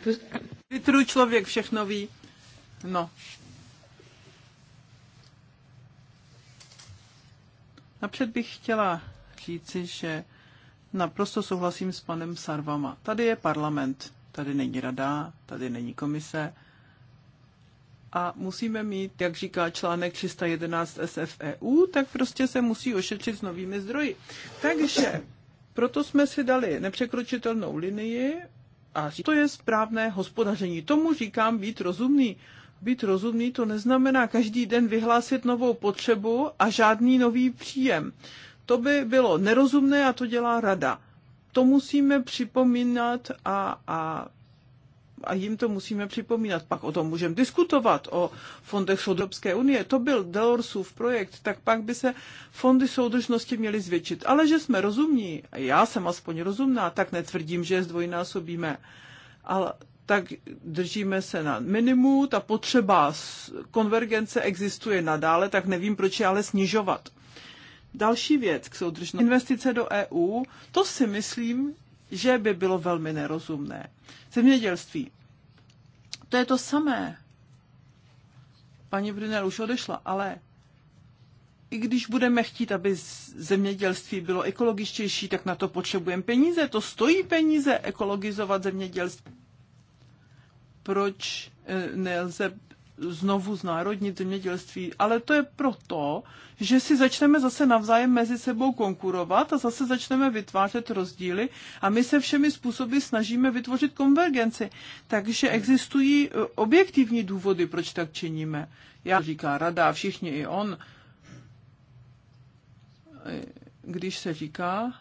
peu... člověk všechno ví. No. Napřed bych chtěla říci, že naprosto souhlasím s panem Sarvama. Tady je parlament Tady není rada, tady není komise. A musíme mít, jak říká článek 311 SFEU, tak prostě se musí ošetřit s novými zdroji. Takže proto jsme si dali nepřekročitelnou linii a to je správné hospodaření. Tomu říkám být rozumný. Být rozumný to neznamená každý den vyhlásit novou potřebu a žádný nový příjem. To by bylo nerozumné a to dělá rada to musíme připomínat a, a a jim to musíme připomínat. Pak o tom můžeme diskutovat, o fondech Soudobské unie. To byl Delorsův projekt, tak pak by se fondy soudržnosti měly zvětšit. Ale že jsme rozumní, a já jsem aspoň rozumná, tak netvrdím, že je zdvojnásobíme. Ale tak držíme se na minimu, ta potřeba konvergence existuje nadále, tak nevím, proč je ale snižovat. Další věc k soudržnosti. Investice do EU, to si myslím, že by bylo velmi nerozumné. Zemědělství. To je to samé. Paní Brunel už odešla, ale i když budeme chtít, aby zemědělství bylo ekologičtější, tak na to potřebujeme peníze. To stojí peníze ekologizovat zemědělství. Proč eh, nelze znovu znárodnit zemědělství, ale to je proto, že si začneme zase navzájem mezi sebou konkurovat a zase začneme vytvářet rozdíly a my se všemi způsoby snažíme vytvořit konvergenci. Takže existují e, objektivní důvody, proč tak činíme. Já říká rada, všichni i on, e, když se říká,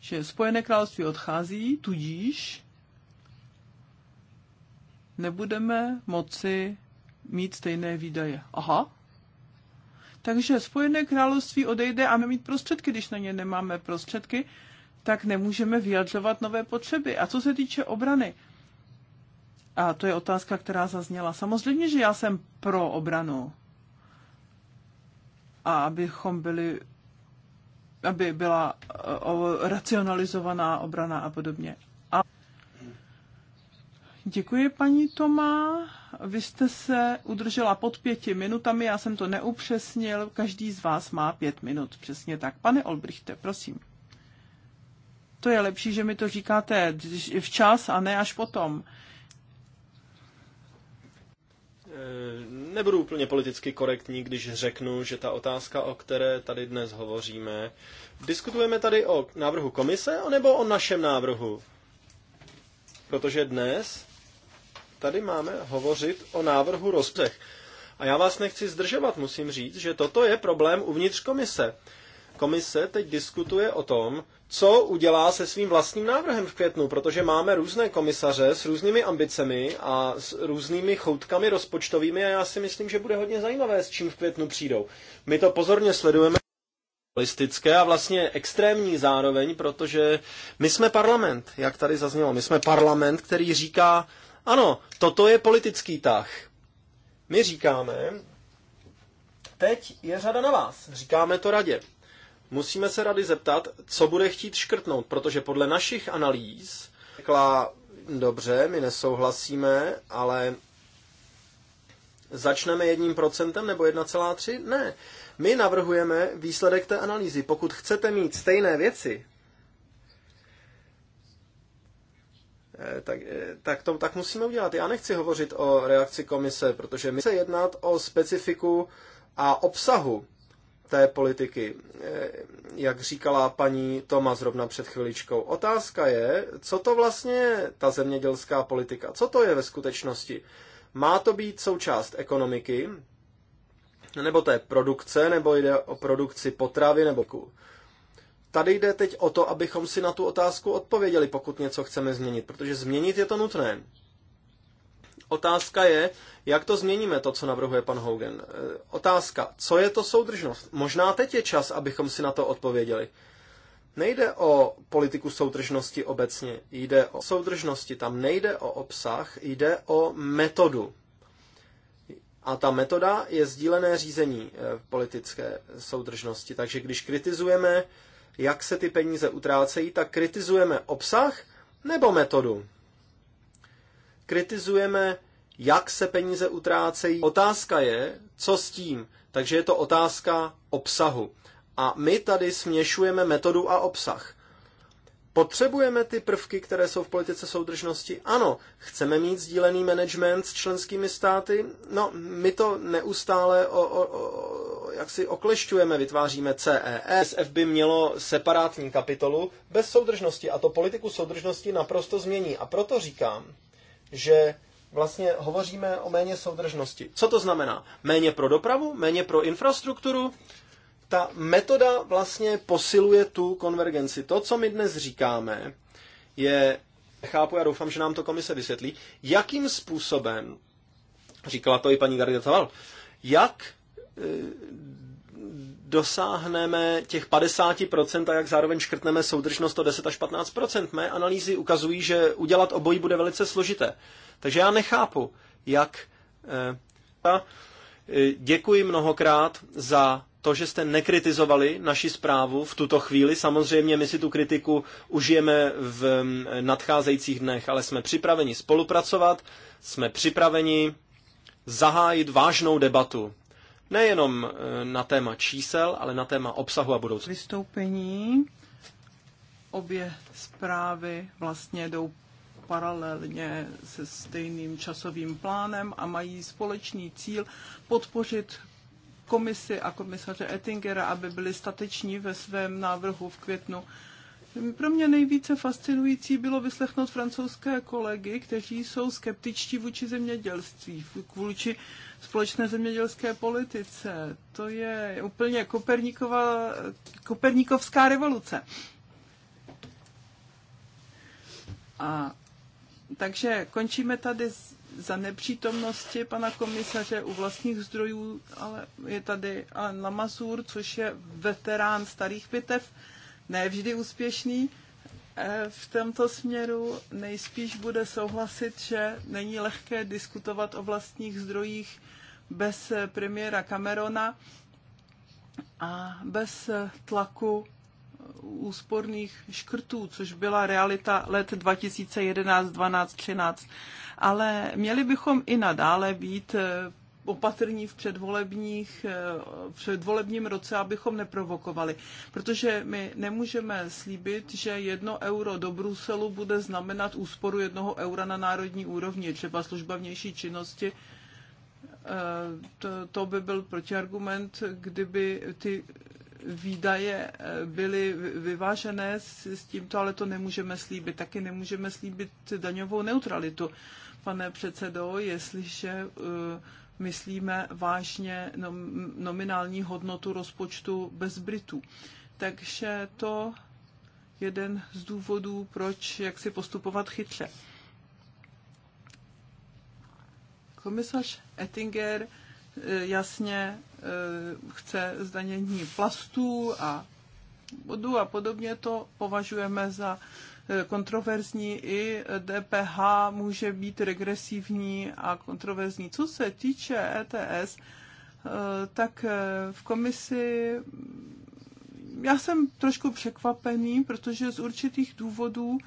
že Spojené království odchází, tudíž nebudeme moci mít stejné výdaje. Aha. Takže Spojené království odejde a my mít prostředky, když na ně nemáme prostředky, tak nemůžeme vyjadřovat nové potřeby. A co se týče obrany, a to je otázka, která zazněla. Samozřejmě, že já jsem pro obranu. A abychom byli, aby byla eh, racionalizovaná obrana a podobně. Děkuji, paní Tomá. Vy jste se udržela pod pěti minutami, já jsem to neupřesnil. Každý z vás má pět minut, přesně tak. Pane Olbrichte, prosím. To je lepší, že mi to říkáte včas a ne až potom. Nebudu úplně politicky korektní, když řeknu, že ta otázka, o které tady dnes hovoříme, diskutujeme tady o návrhu komise, anebo o našem návrhu? Protože dnes tady máme hovořit o návrhu rozpřech. A já vás nechci zdržovat, musím říct, že toto je problém uvnitř komise. Komise teď diskutuje o tom, co udělá se svým vlastním návrhem v květnu, protože máme různé komisaře s různými ambicemi a s různými choutkami rozpočtovými a já si myslím, že bude hodně zajímavé, s čím v květnu přijdou. My to pozorně sledujeme realistické a vlastně extrémní zároveň, protože my jsme parlament, jak tady zaznělo, my jsme parlament, který říká, ano, toto je politický tah. My říkáme, teď je řada na vás. Říkáme to radě. Musíme se rady zeptat, co bude chtít škrtnout, protože podle našich analýz řekla, dobře, my nesouhlasíme, ale začneme jedním procentem nebo 1,3? Ne. My navrhujeme výsledek té analýzy. Pokud chcete mít stejné věci, Eh, tak, eh, tak to tak musíme udělat. Já nechci hovořit o reakci komise, protože my se jednat o specifiku a obsahu té politiky, eh, jak říkala paní Toma zrovna před chviličkou. Otázka je, co to vlastně je ta zemědělská politika, co to je ve skutečnosti. Má to být součást ekonomiky, nebo té produkce, nebo jde o produkci potravy nebo tady jde teď o to, abychom si na tu otázku odpověděli, pokud něco chceme změnit, protože změnit je to nutné. Otázka je, jak to změníme, to, co navrhuje pan Hogan. E, otázka, co je to soudržnost? Možná teď je čas, abychom si na to odpověděli. Nejde o politiku soudržnosti obecně, jde o soudržnosti, tam nejde o obsah, jde o metodu. A ta metoda je sdílené řízení e, v politické soudržnosti. Takže když kritizujeme jak se ty peníze utrácejí, tak kritizujeme obsah nebo metodu. Kritizujeme, jak se peníze utrácejí. Otázka je, co s tím. Takže je to otázka obsahu. A my tady směšujeme metodu a obsah. Potřebujeme ty prvky, které jsou v politice soudržnosti? Ano. Chceme mít sdílený management s členskými státy? No, my to neustále o, o, o, jak si oklešťujeme, vytváříme CES. SF by mělo separátní kapitolu bez soudržnosti a to politiku soudržnosti naprosto změní. A proto říkám, že vlastně hovoříme o méně soudržnosti. Co to znamená? Méně pro dopravu? Méně pro infrastrukturu? ta metoda vlastně posiluje tu konvergenci. To, co my dnes říkáme, je, chápu, já doufám, že nám to komise vysvětlí, jakým způsobem, říkala to i paní Garida Taval, jak eh, dosáhneme těch 50% a jak zároveň škrtneme soudržnost o 10 až 15%. Mé analýzy ukazují, že udělat obojí bude velice složité. Takže já nechápu, jak... Eh, eh, děkuji mnohokrát za to, že jste nekritizovali naši zprávu v tuto chvíli. Samozřejmě my si tu kritiku užijeme v mm, nadcházejících dnech, ale jsme připraveni spolupracovat, jsme připraveni zahájit vážnou debatu. Nejenom e, na téma čísel, ale na téma obsahu a budoucnosti. Vystoupení. Obě zprávy vlastně jdou paralelně se stejným časovým plánem a mají společný cíl podpořit komisi a komisaře Ettingera, aby byli stateční ve svém návrhu v květnu. Pro mě nejvíce fascinující bylo vyslechnout francouzské kolegy, kteří jsou skeptičtí vůči zemědělství, vůči společné zemědělské politice. To je úplně Koperníkova, koperníkovská revoluce. A takže končíme tady s za nepřítomnosti pana komisaře u vlastních zdrojů, ale je tady Lamazur, Lamasur, což je veterán starých bitev, nevždy úspěšný eh, v tomto směru nejspíš bude souhlasit, že není lehké diskutovat o vlastních zdrojích bez premiéra Camerona a bez tlaku úsporných škrtů, což byla realita let 2011, 12, 13 ale měli bychom i nadále být eh, opatrní v předvolebních, eh, předvolebním roce, abychom neprovokovali. Protože my nemůžeme slíbit, že jedno euro do Bruselu bude znamenat úsporu jednoho eura na národní úrovni, třeba služba vnější činnosti. Eh, to, to by byl protiargument, kdyby ty výdaje eh, byly vyvážené s, tímto, ale to nemůžeme slíbit. Taky nemůžeme slíbit daňovou neutralitu. Pane předsedo, jestliže eh, myslíme vážně nominální hodnotu rozpočtu bez Britů. Takže to jeden z důvodů, proč jak si postupovat chytře. Komisař Ettinger eh, jasně Eh, chce zdanění plastů a vodu a podobně, to považujeme za eh, kontroverzní. I DPH může být regresivní a kontroverzní. Co se týče ETS, eh, tak v komisi já jsem trošku překvapený, protože z určitých důvodů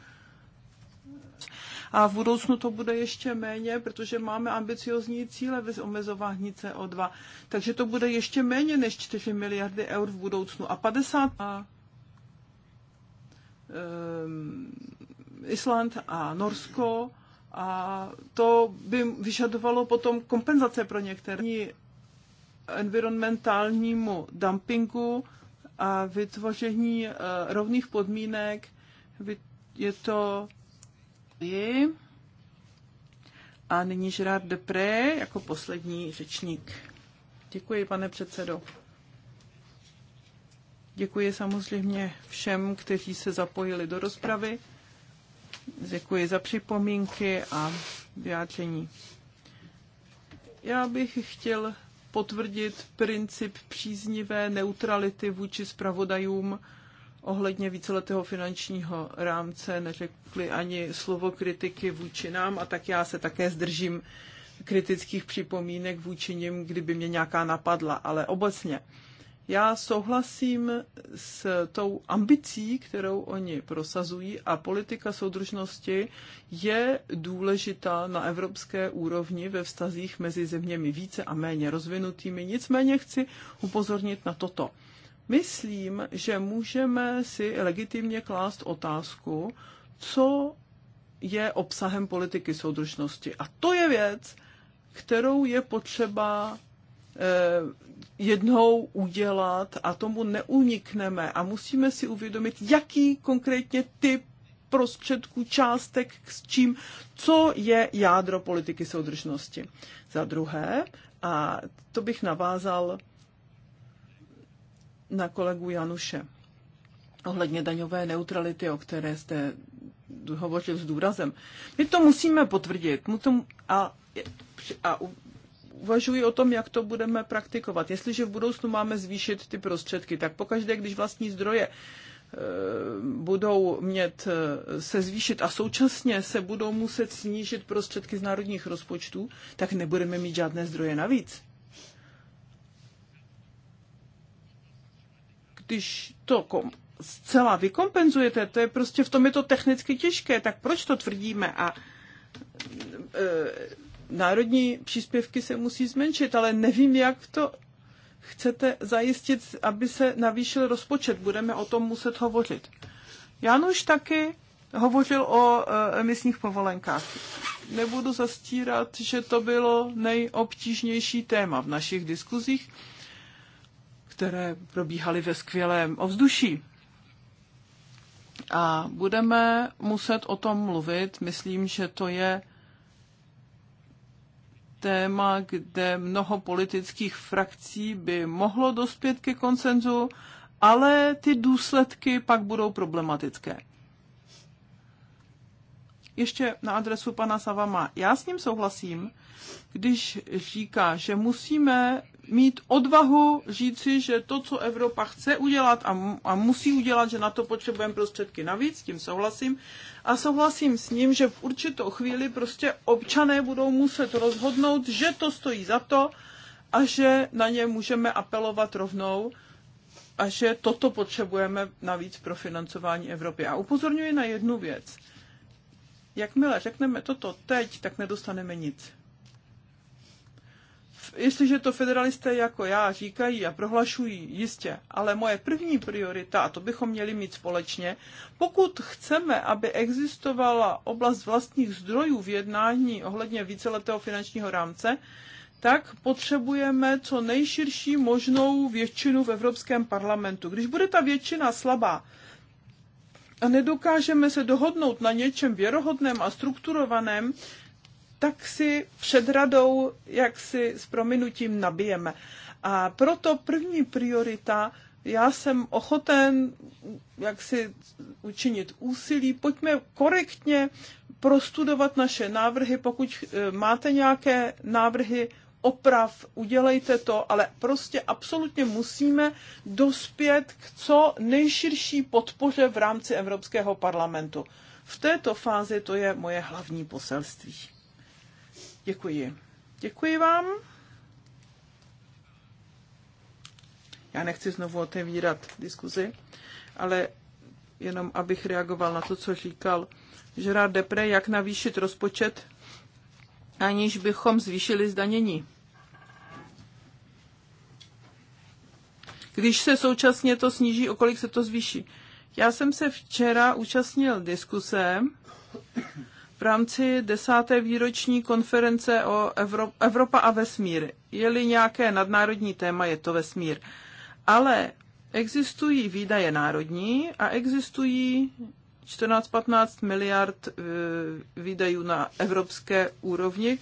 a v budoucnu to bude ještě méně, protože máme ambiciozní cíle ve omezování CO2. Takže to bude ještě méně než 4 miliardy eur v budoucnu a 50 a, um, Island a Norsko a to by vyžadovalo potom kompenzace pro některé environmentálnímu dumpingu a vytvoření eh, rovných podmínek. Je to Děkuji. A nyní Gerard Depré jako poslední řečník. Děkuji, pane předsedo. Děkuji samozřejmě všem, kteří se zapojili do rozpravy. Děkuji za připomínky a vyjádření. Já bych chtěl potvrdit princip příznivé neutrality vůči zpravodajům ohledně víceletého finančního rámce neřekli ani slovo kritiky vůči nám a tak já se také zdržím kritických připomínek vůči nim, kdyby mě nějaká napadla, ale obecně. Já souhlasím s tou ambicí, kterou oni prosazují a politika soudržnosti je důležitá na evropské úrovni ve vztazích mezi zeměmi více a méně rozvinutými. Nicméně chci upozornit na toto. Myslím, že můžeme si legitimně klást otázku, co je obsahem politiky soudržnosti. A to je věc, kterou je potřeba eh, jednou udělat a tomu neunikneme a musíme si uvědomit, jaký konkrétně typ prostředků, částek, s čím, co je jádro politiky soudržnosti. Za druhé, a to bych navázal na kolegu Januše ohledně daňové neutrality, o které jste hovořil s důrazem. My to musíme potvrdit mu to, a, a uvažuji o tom, jak to budeme praktikovat. Jestliže v budoucnu máme zvýšit ty prostředky, tak pokaždé, když vlastní zdroje e, budou mět e, se zvýšit a současně se budou muset snížit prostředky z národních rozpočtů, tak nebudeme mít žádné zdroje navíc. když to kom, zcela vykompenzujete, to je prostě v tom je to technicky těžké, tak proč to tvrdíme? A e, národní příspěvky se musí zmenšit, ale nevím, jak to chcete zajistit, aby se navýšil rozpočet. Budeme o tom muset hovořit. Jan už taky hovořil o e, emisních povolenkách. Nebudu zastírat, že to bylo nejobtížnější téma v našich diskuzích které probíhaly ve skvělém ovzduší. A budeme muset o tom mluvit. Myslím, že to je téma, kde mnoho politických frakcí by mohlo dospět ke koncenzu, ale ty důsledky pak budou problematické. Ještě na adresu pana Savama. Já s ním souhlasím, když říká, že musíme mít odvahu říci, že to, co Evropa chce udělat a, a musí udělat, že na to potřebujeme prostředky navíc, s tím souhlasím. A souhlasím s ním, že v určitou chvíli prostě občané budou muset rozhodnout, že to stojí za to a že na ně můžeme apelovat rovnou a že toto potřebujeme navíc pro financování Evropy. A upozorňuji na jednu věc. Jakmile řekneme toto teď, tak nedostaneme nic jestliže to federalisté jako já říkají a prohlašují, jistě, ale moje první priorita, a to bychom měli mít společně, pokud chceme, aby existovala oblast vlastních zdrojů v jednání ohledně víceletého finančního rámce, tak potřebujeme co nejširší možnou většinu v Evropském parlamentu. Když bude ta většina slabá a nedokážeme se dohodnout na něčem věrohodném a strukturovaném, tak si před radou, jak si s prominutím nabijeme. A proto první priorita, já jsem ochoten jak si učinit úsilí, pojďme korektně prostudovat naše návrhy, pokud eh, máte nějaké návrhy oprav, udělejte to, ale prostě absolutně musíme dospět k co nejširší podpoře v rámci Evropského parlamentu. V této fázi to je moje hlavní poselství. Děkuji. Děkuji vám. Já nechci znovu otevírat diskuzi, ale jenom abych reagoval na to, co říkal Žerard Depre, jak navýšit rozpočet, aniž bychom zvýšili zdanění. Když se současně to sníží, o kolik se to zvýší? Já jsem se včera účastnil diskuse v rámci desáté výroční konference o Evro- Evropa a vesmír. Je-li nějaké nadnárodní téma, je to vesmír. Ale existují výdaje národní a existují 14-15 miliard e, výdajů na evropské úrovni.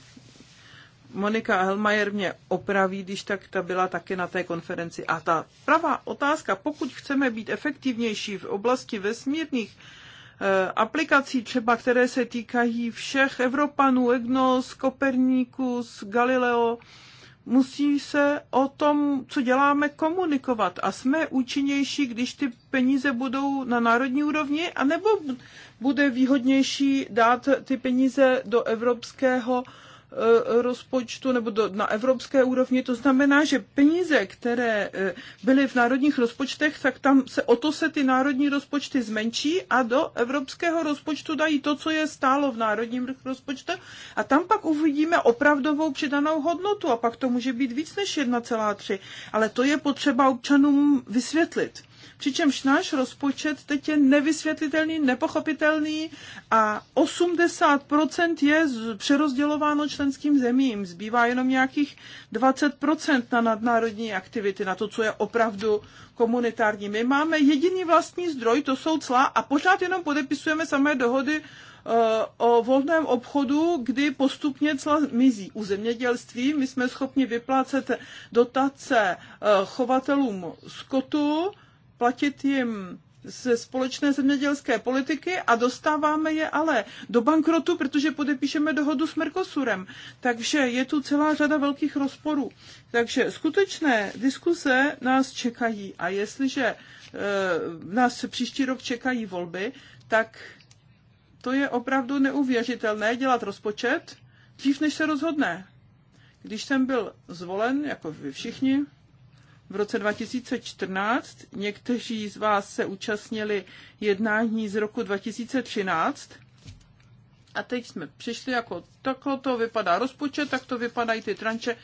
Monika Helmajer mě opraví, když tak ta byla taky na té konferenci. A ta pravá otázka, pokud chceme být efektivnější v oblasti vesmírných Eh, aplikací třeba, které se týkají všech Evropanů, EGNOS, Kopernikus, Galileo, musí se o tom, co děláme, komunikovat. A jsme účinnější, když ty peníze budou na národní úrovni, anebo bude výhodnější dát ty peníze do evropského uh, Eh, rozpočtu nebo do, na evropské úrovni. To znamená, že peníze, které eh, byly v národních rozpočtech, tak tam se o to se ty národní rozpočty zmenší a do evropského rozpočtu dají to, co je stálo v národním rozpočtu. A tam pak uvidíme opravdovou přidanou hodnotu a pak to může být víc než 1,3. Ale to je potřeba občanům vysvětlit přičemž náš rozpočet teď je nevysvětlitelný, nepochopitelný a 80% je přerozdělováno členským zemím. Zbývá jenom nějakých 20% na nadnárodní aktivity, na to, co je opravdu komunitární. My máme jediný vlastní zdroj, to jsou cla a pořád jenom podepisujeme samé dohody e, o volném obchodu, kdy postupně cla mizí. U zemědělství my jsme schopni vyplácet dotace e, chovatelům skotu, platit jim ze společné zemědělské politiky a dostáváme je ale do bankrotu, protože podepíšeme dohodu s Mercosurem. Takže je tu celá řada velkých rozporů. Takže skutečné diskuse nás čekají a jestliže e, nás příští rok čekají volby, tak to je opravdu neuvěřitelné dělat rozpočet dřív, než se rozhodne. Když jsem byl zvolen, jako vy všichni, v roce 2014. Někteří z vás se účastnili jednání z roku 2013. A teď jsme přišli jako takhle to vypadá rozpočet, tak to vypadají ty tranče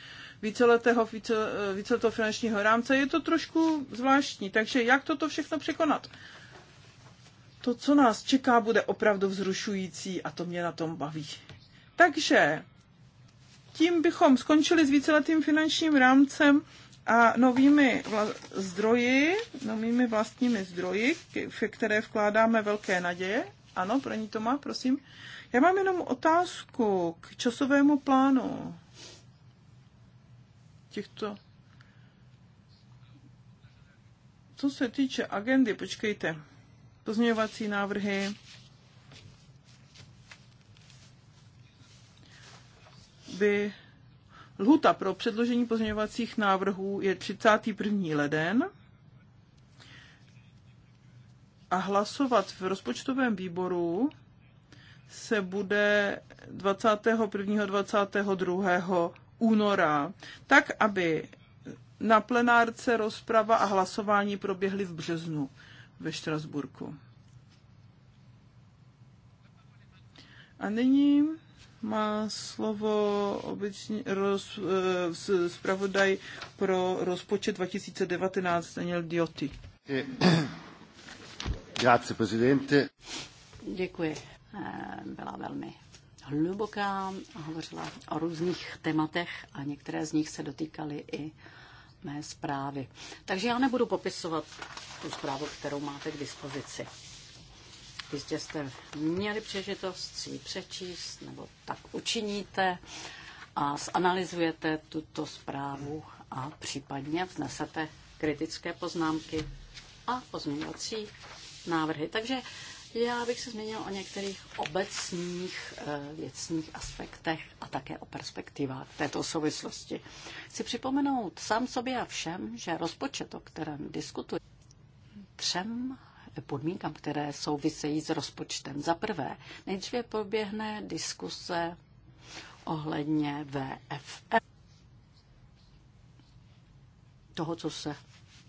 víceletého, více, víceletého finančního rámce. Je to trošku zvláštní, takže jak toto všechno překonat? To, co nás čeká, bude opravdu vzrušující a to mě na tom baví. Takže tím bychom skončili s víceletým finančním rámcem a novými vla- zdroji, novými vlastními zdroji, které vkládáme velké naděje. Ano, pro ní to má, prosím. Já mám jenom otázku k časovému plánu těchto. Co se týče agendy, počkejte, pozměňovací návrhy, by Lhuta pro předložení pozměňovacích návrhů je 31. leden a hlasovat v rozpočtovém výboru se bude 21. 22. února, tak aby na plenárce rozprava a hlasování proběhly v březnu ve Štrasburku. A nyní má slovo obecně roz, eh, zpravodaj pro rozpočet 2019 Daniel Dioty. Eh, [CLEARS THROAT] grazie, prezidente. Děkuji. Eh, byla velmi hluboká a hovořila o různých tématech a některé z nich se dotýkaly i mé zprávy. Takže já nebudu popisovat tu zprávu, kterou máte k dispozici. Jistě jste měli přežitost si ji přečíst, nebo tak učiníte a zanalizujete tuto zprávu a případně vznesete kritické poznámky a pozměňovací návrhy. Takže já bych se zmínil o některých obecných eh, věcních aspektech a také o perspektivách této souvislosti. Chci připomenout sám sobě a všem, že rozpočet, o kterém diskutuji, třem podmínkám, které souvisejí s rozpočtem. Za prvé, nejdříve proběhne diskuse ohledně VFF, toho, co se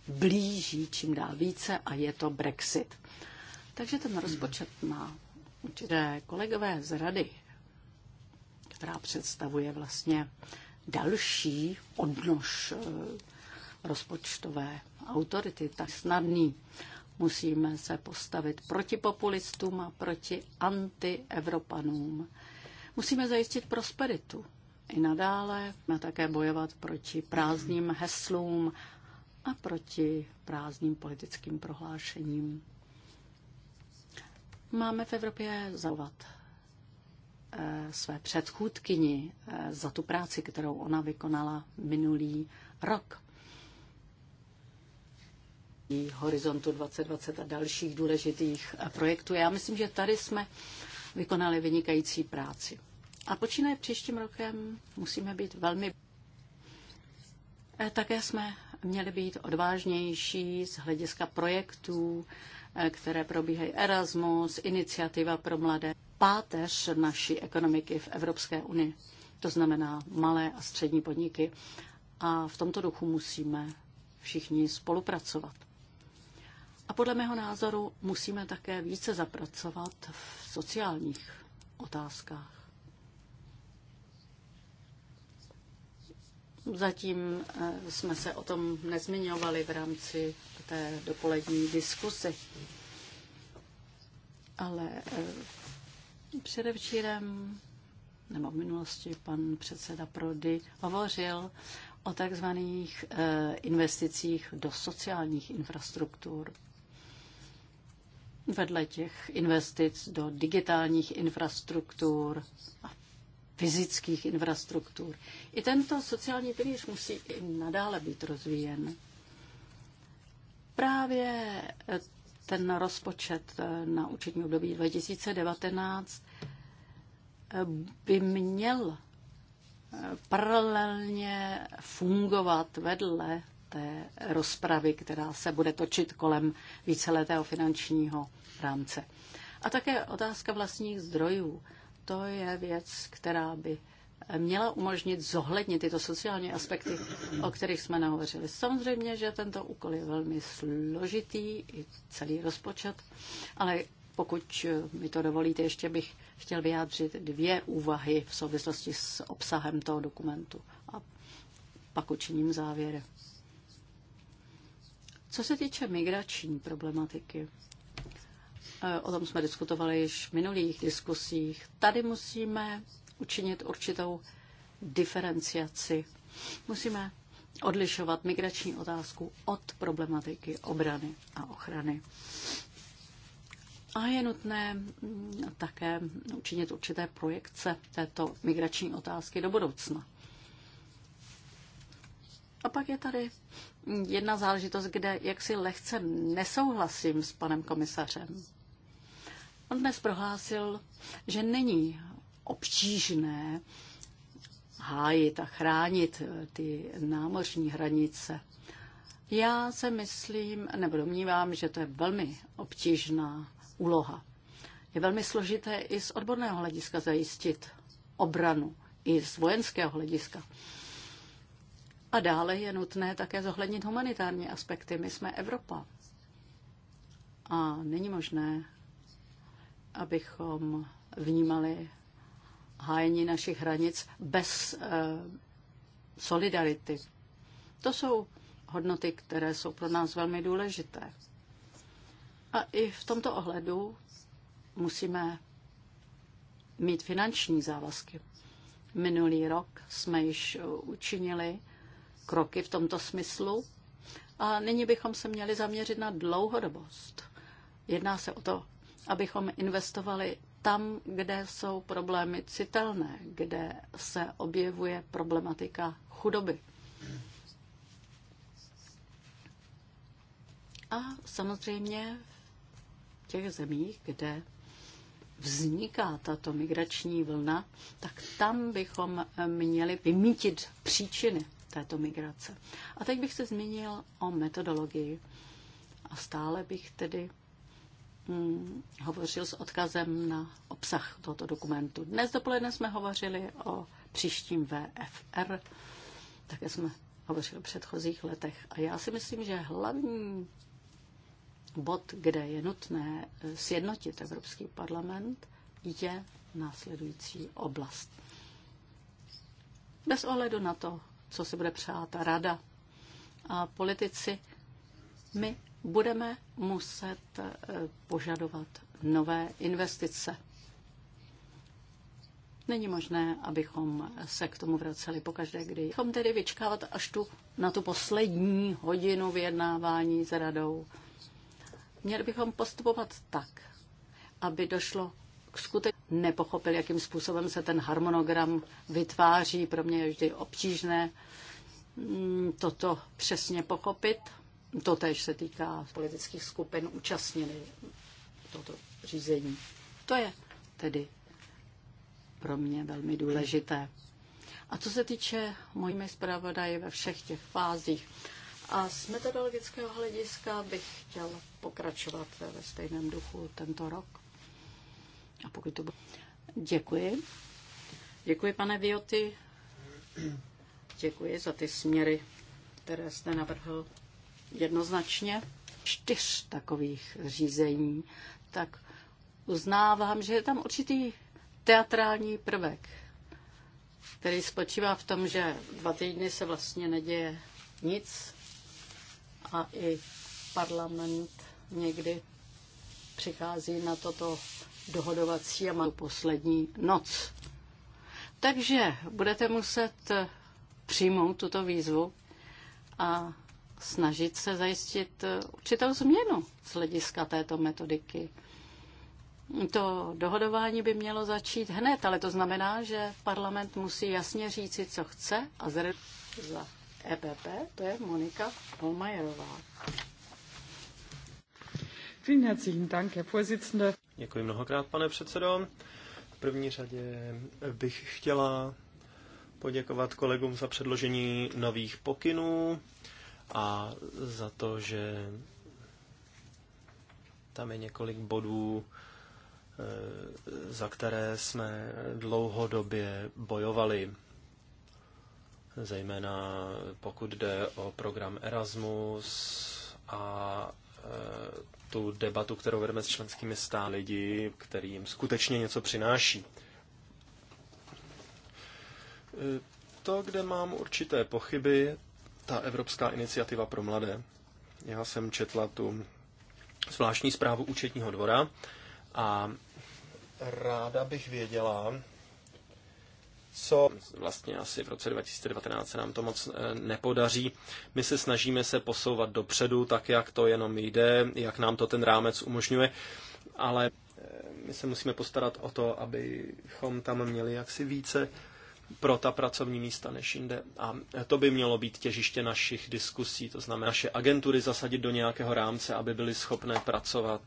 blíží čím dál více a je to Brexit. Takže ten rozpočet má určité kolegové z rady, která představuje vlastně další odnož eh, rozpočtové autority, tak snadný. Musíme se postavit proti populistům a proti antievropanům. Musíme zajistit prosperitu. I nadále a také bojovat proti prázdným heslům a proti prázdným politickým prohlášením. Máme v Evropě zauvat eh, své předchůdkyni eh, za tu práci, kterou ona vykonala minulý rok. Horizontu 2020 a dalších důležitých eh, projektů. Já myslím, že tady jsme vykonali vynikající práci. A počínaje příštím rokem musíme být velmi. Eh, také jsme měli být odvážnější z hlediska projektů, eh, které probíhají Erasmus, iniciativa pro mladé, páteř naší ekonomiky v Evropské unii. To znamená malé a střední podniky. A v tomto duchu musíme všichni spolupracovat. A podle mého názoru musíme také více zapracovat v sociálních otázkách. Zatím eh, jsme se o tom nezmiňovali v rámci té dopolední diskusy. Ale eh, předevčírem nebo v minulosti pan předseda Prody hovořil o takzvaných eh, investicích do sociálních infrastruktur. Vedle těch investic do digitálních infrastruktur a fyzických infrastruktur. I tento sociální pilíř musí i nadále být rozvíjen. Právě ten rozpočet na účetní období 2019 by měl paralelně fungovat vedle té rozpravy, která se bude točit kolem víceletého finančního rámce. A také otázka vlastních zdrojů. To je věc, která by měla umožnit zohlednit tyto sociální aspekty, o kterých jsme nahovořili. Samozřejmě, že tento úkol je velmi složitý, i celý rozpočet, ale pokud mi to dovolíte, ještě bych chtěl vyjádřit dvě úvahy v souvislosti s obsahem toho dokumentu a pak učiním závěry. Co se týče migrační problematiky, eh, o tom jsme diskutovali již v minulých diskusích, tady musíme učinit určitou diferenciaci. Musíme odlišovat migrační otázku od problematiky obrany a ochrany. A je nutné mm, také učinit určité projekce této migrační otázky do budoucna. A pak je tady jedna záležitost, kde jaksi lehce nesouhlasím s panem komisařem. On dnes prohlásil, že není obtížné hájit a chránit ty námořní hranice. Já se myslím, nebo domnívám, že to je velmi obtížná úloha. Je velmi složité i z odborného hlediska zajistit obranu, i z vojenského hlediska. A dále je nutné také zohlednit humanitární aspekty. My jsme Evropa. A není možné, abychom vnímali hájení našich hranic bez eh, solidarity. To jsou hodnoty, které jsou pro nás velmi důležité. A i v tomto ohledu musíme mít finanční závazky. Minulý rok jsme již učinili kroky v tomto smyslu. A nyní bychom se měli zaměřit na dlouhodobost. Jedná se o to, abychom investovali tam, kde jsou problémy citelné, kde se objevuje problematika chudoby. A samozřejmě v těch zemích, kde vzniká tato migrační vlna, tak tam bychom měli vymítit příčiny této migrace. A teď bych se zmínil o metodologii. A stále bych tedy hm, hovořil s odkazem na obsah tohoto dokumentu. Dnes dopoledne jsme hovořili o příštím VFR, také jsme hovořili o předchozích letech. A já si myslím, že hlavní bod, kde je nutné sjednotit Evropský parlament, je následující oblast. Bez ohledu na to, co si bude přát rada a politici, my budeme muset eh, požadovat nové investice. Není možné, abychom se k tomu vraceli pokaždé, kdy. Bychom tedy vyčkávat až tu, na tu poslední hodinu vyjednávání s radou. Měli bychom postupovat tak, aby došlo skutečně nepochopil, jakým způsobem se ten harmonogram vytváří. Pro mě je vždy obtížné mm, toto přesně pochopit. To tež se týká politických skupin účastněných toto řízení. To je tedy pro mě velmi důležité. A co se týče mojimi zpravodaji ve všech těch fázích, a z metodologického hlediska bych chtěl pokračovat ve stejném duchu tento rok. A pokud to bude... Děkuji. Děkuji, pane Vioty. Děkuji za ty směry, které jste navrhl jednoznačně. Čtyř takových řízení, tak uznávám, že je tam určitý teatrální prvek, který spočívá v tom, že dva týdny se vlastně neděje nic a i parlament někdy přichází na toto dohodovací a má poslední noc. Takže budete muset přijmout tuto výzvu a snažit se zajistit určitou změnu z hlediska této metodiky. To dohodování by mělo začít hned, ale to znamená, že parlament musí jasně říci, co chce a zre... za EPP, to je Monika Holmajerová. Vielen herzlichen Dank, Herr Vorsitzender. Děkuji mnohokrát, pane předsedo. V první řadě bych chtěla poděkovat kolegům za předložení nových pokynů a za to, že tam je několik bodů, eh, za které jsme dlouhodobě bojovali. Zejména pokud jde o program Erasmus a eh, tu debatu, kterou vedeme s členskými státy lidi, kterým skutečně něco přináší. To, kde mám určité pochyby, ta Evropská iniciativa pro mladé. Já jsem četla tu zvláštní zprávu účetního dvora a ráda bych věděla, co vlastně asi v roce 2019 se nám to moc eh, nepodaří. My se snažíme se posouvat dopředu, tak jak to jenom jde, jak nám to ten rámec umožňuje, ale eh, my se musíme postarat o to, abychom tam měli jaksi více pro ta pracovní místa než jinde. A eh, to by mělo být těžiště našich diskusí, to znamená naše agentury zasadit do nějakého rámce, aby byly schopné pracovat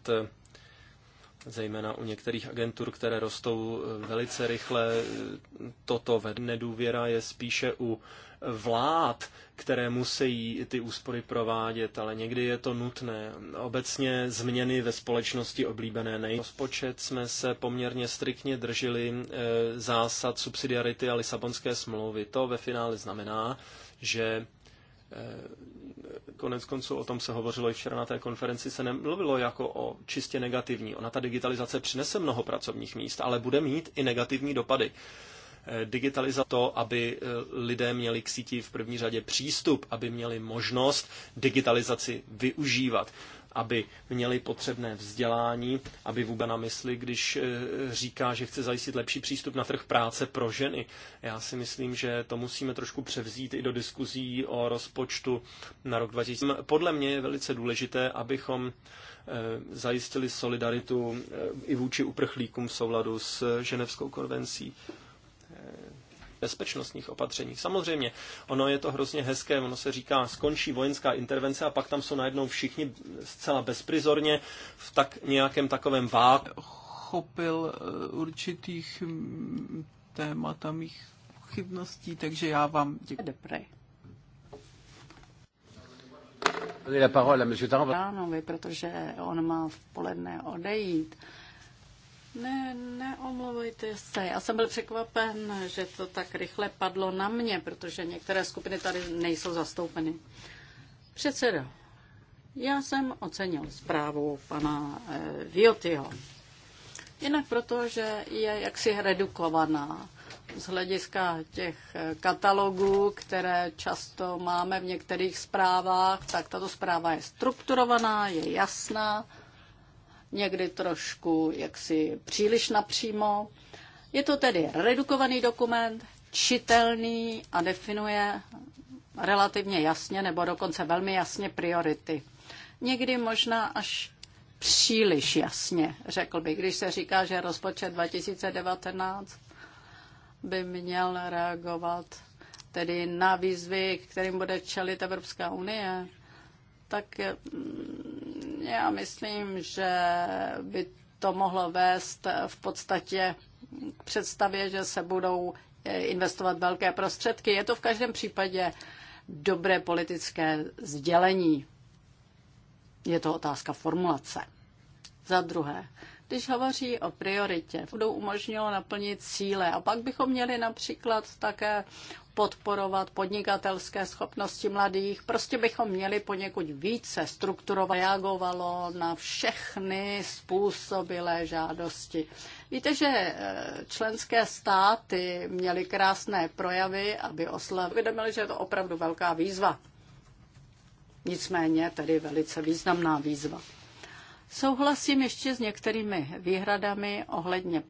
zejména u některých agentur, které rostou eh, velice rychle, eh, toto ve nedůvěra je spíše u vlád, které musí ty úspory provádět, ale někdy je to nutné. Obecně změny ve společnosti oblíbené nejsou. Rozpočet jsme se poměrně striktně drželi eh, zásad subsidiarity a Lisabonské smlouvy. To ve finále znamená, že Konec konců o tom se hovořilo i včera na té konferenci, se nemluvilo jako o čistě negativní. Ona ta digitalizace přinese mnoho pracovních míst, ale bude mít i negativní dopady. Eh, digitaliza to, aby eh, lidé měli k síti v první řadě přístup, aby měli možnost digitalizaci využívat aby měli potřebné vzdělání, aby vůbec na mysli, když eh, říká, že chce zajistit lepší přístup na trh práce pro ženy. Já si myslím, že to musíme trošku převzít i do diskuzí o rozpočtu na rok 2000. Podle mě je velice důležité, abychom eh, zajistili solidaritu eh, i vůči uprchlíkům v souladu s Ženevskou konvencí bezpečnostních opatřeních. Samozřejmě, ono je to hrozně hezké, ono se říká, skončí vojenská intervence a pak tam jsou najednou všichni zcela bezprizorně v tak nějakém takovém váku. Chopil eh, určitých mm, témat a mých chybností, takže já vám děkuji. Ano, Dánovi, protože on má v poledne odejít. Ne, neomluvujte se. Já jsem byl překvapen, že to tak rychle padlo na mě, protože některé skupiny tady nejsou zastoupeny. Předseda, já jsem ocenil zprávu pana e, eh, Viotyho. Jinak proto, že je jaksi redukovaná z hlediska těch eh, katalogů, které často máme v některých zprávách, tak tato zpráva je strukturovaná, je jasná někdy trošku jaksi příliš napřímo. Je to tedy redukovaný dokument, čitelný a definuje relativně jasně nebo dokonce velmi jasně priority. Někdy možná až příliš jasně, řekl bych, když se říká, že rozpočet 2019 by měl reagovat tedy na výzvy, kterým bude čelit Evropská unie, tak mm, já myslím, že by to mohlo vést v podstatě k představě, že se budou eh, investovat velké prostředky. Je to v každém případě dobré politické sdělení. Je to otázka formulace. Za druhé, když hovoří o prioritě, budou umožnilo naplnit cíle. A pak bychom měli například také podporovat podnikatelské schopnosti mladých. Prostě bychom měli poněkud více strukturovat reagovalo na všechny způsobilé žádosti. Víte, že eh, členské státy měly krásné projavy, aby oslavili, uvědomili, že je to opravdu velká výzva. Nicméně tedy velice významná výzva. Souhlasím ještě s některými výhradami ohledně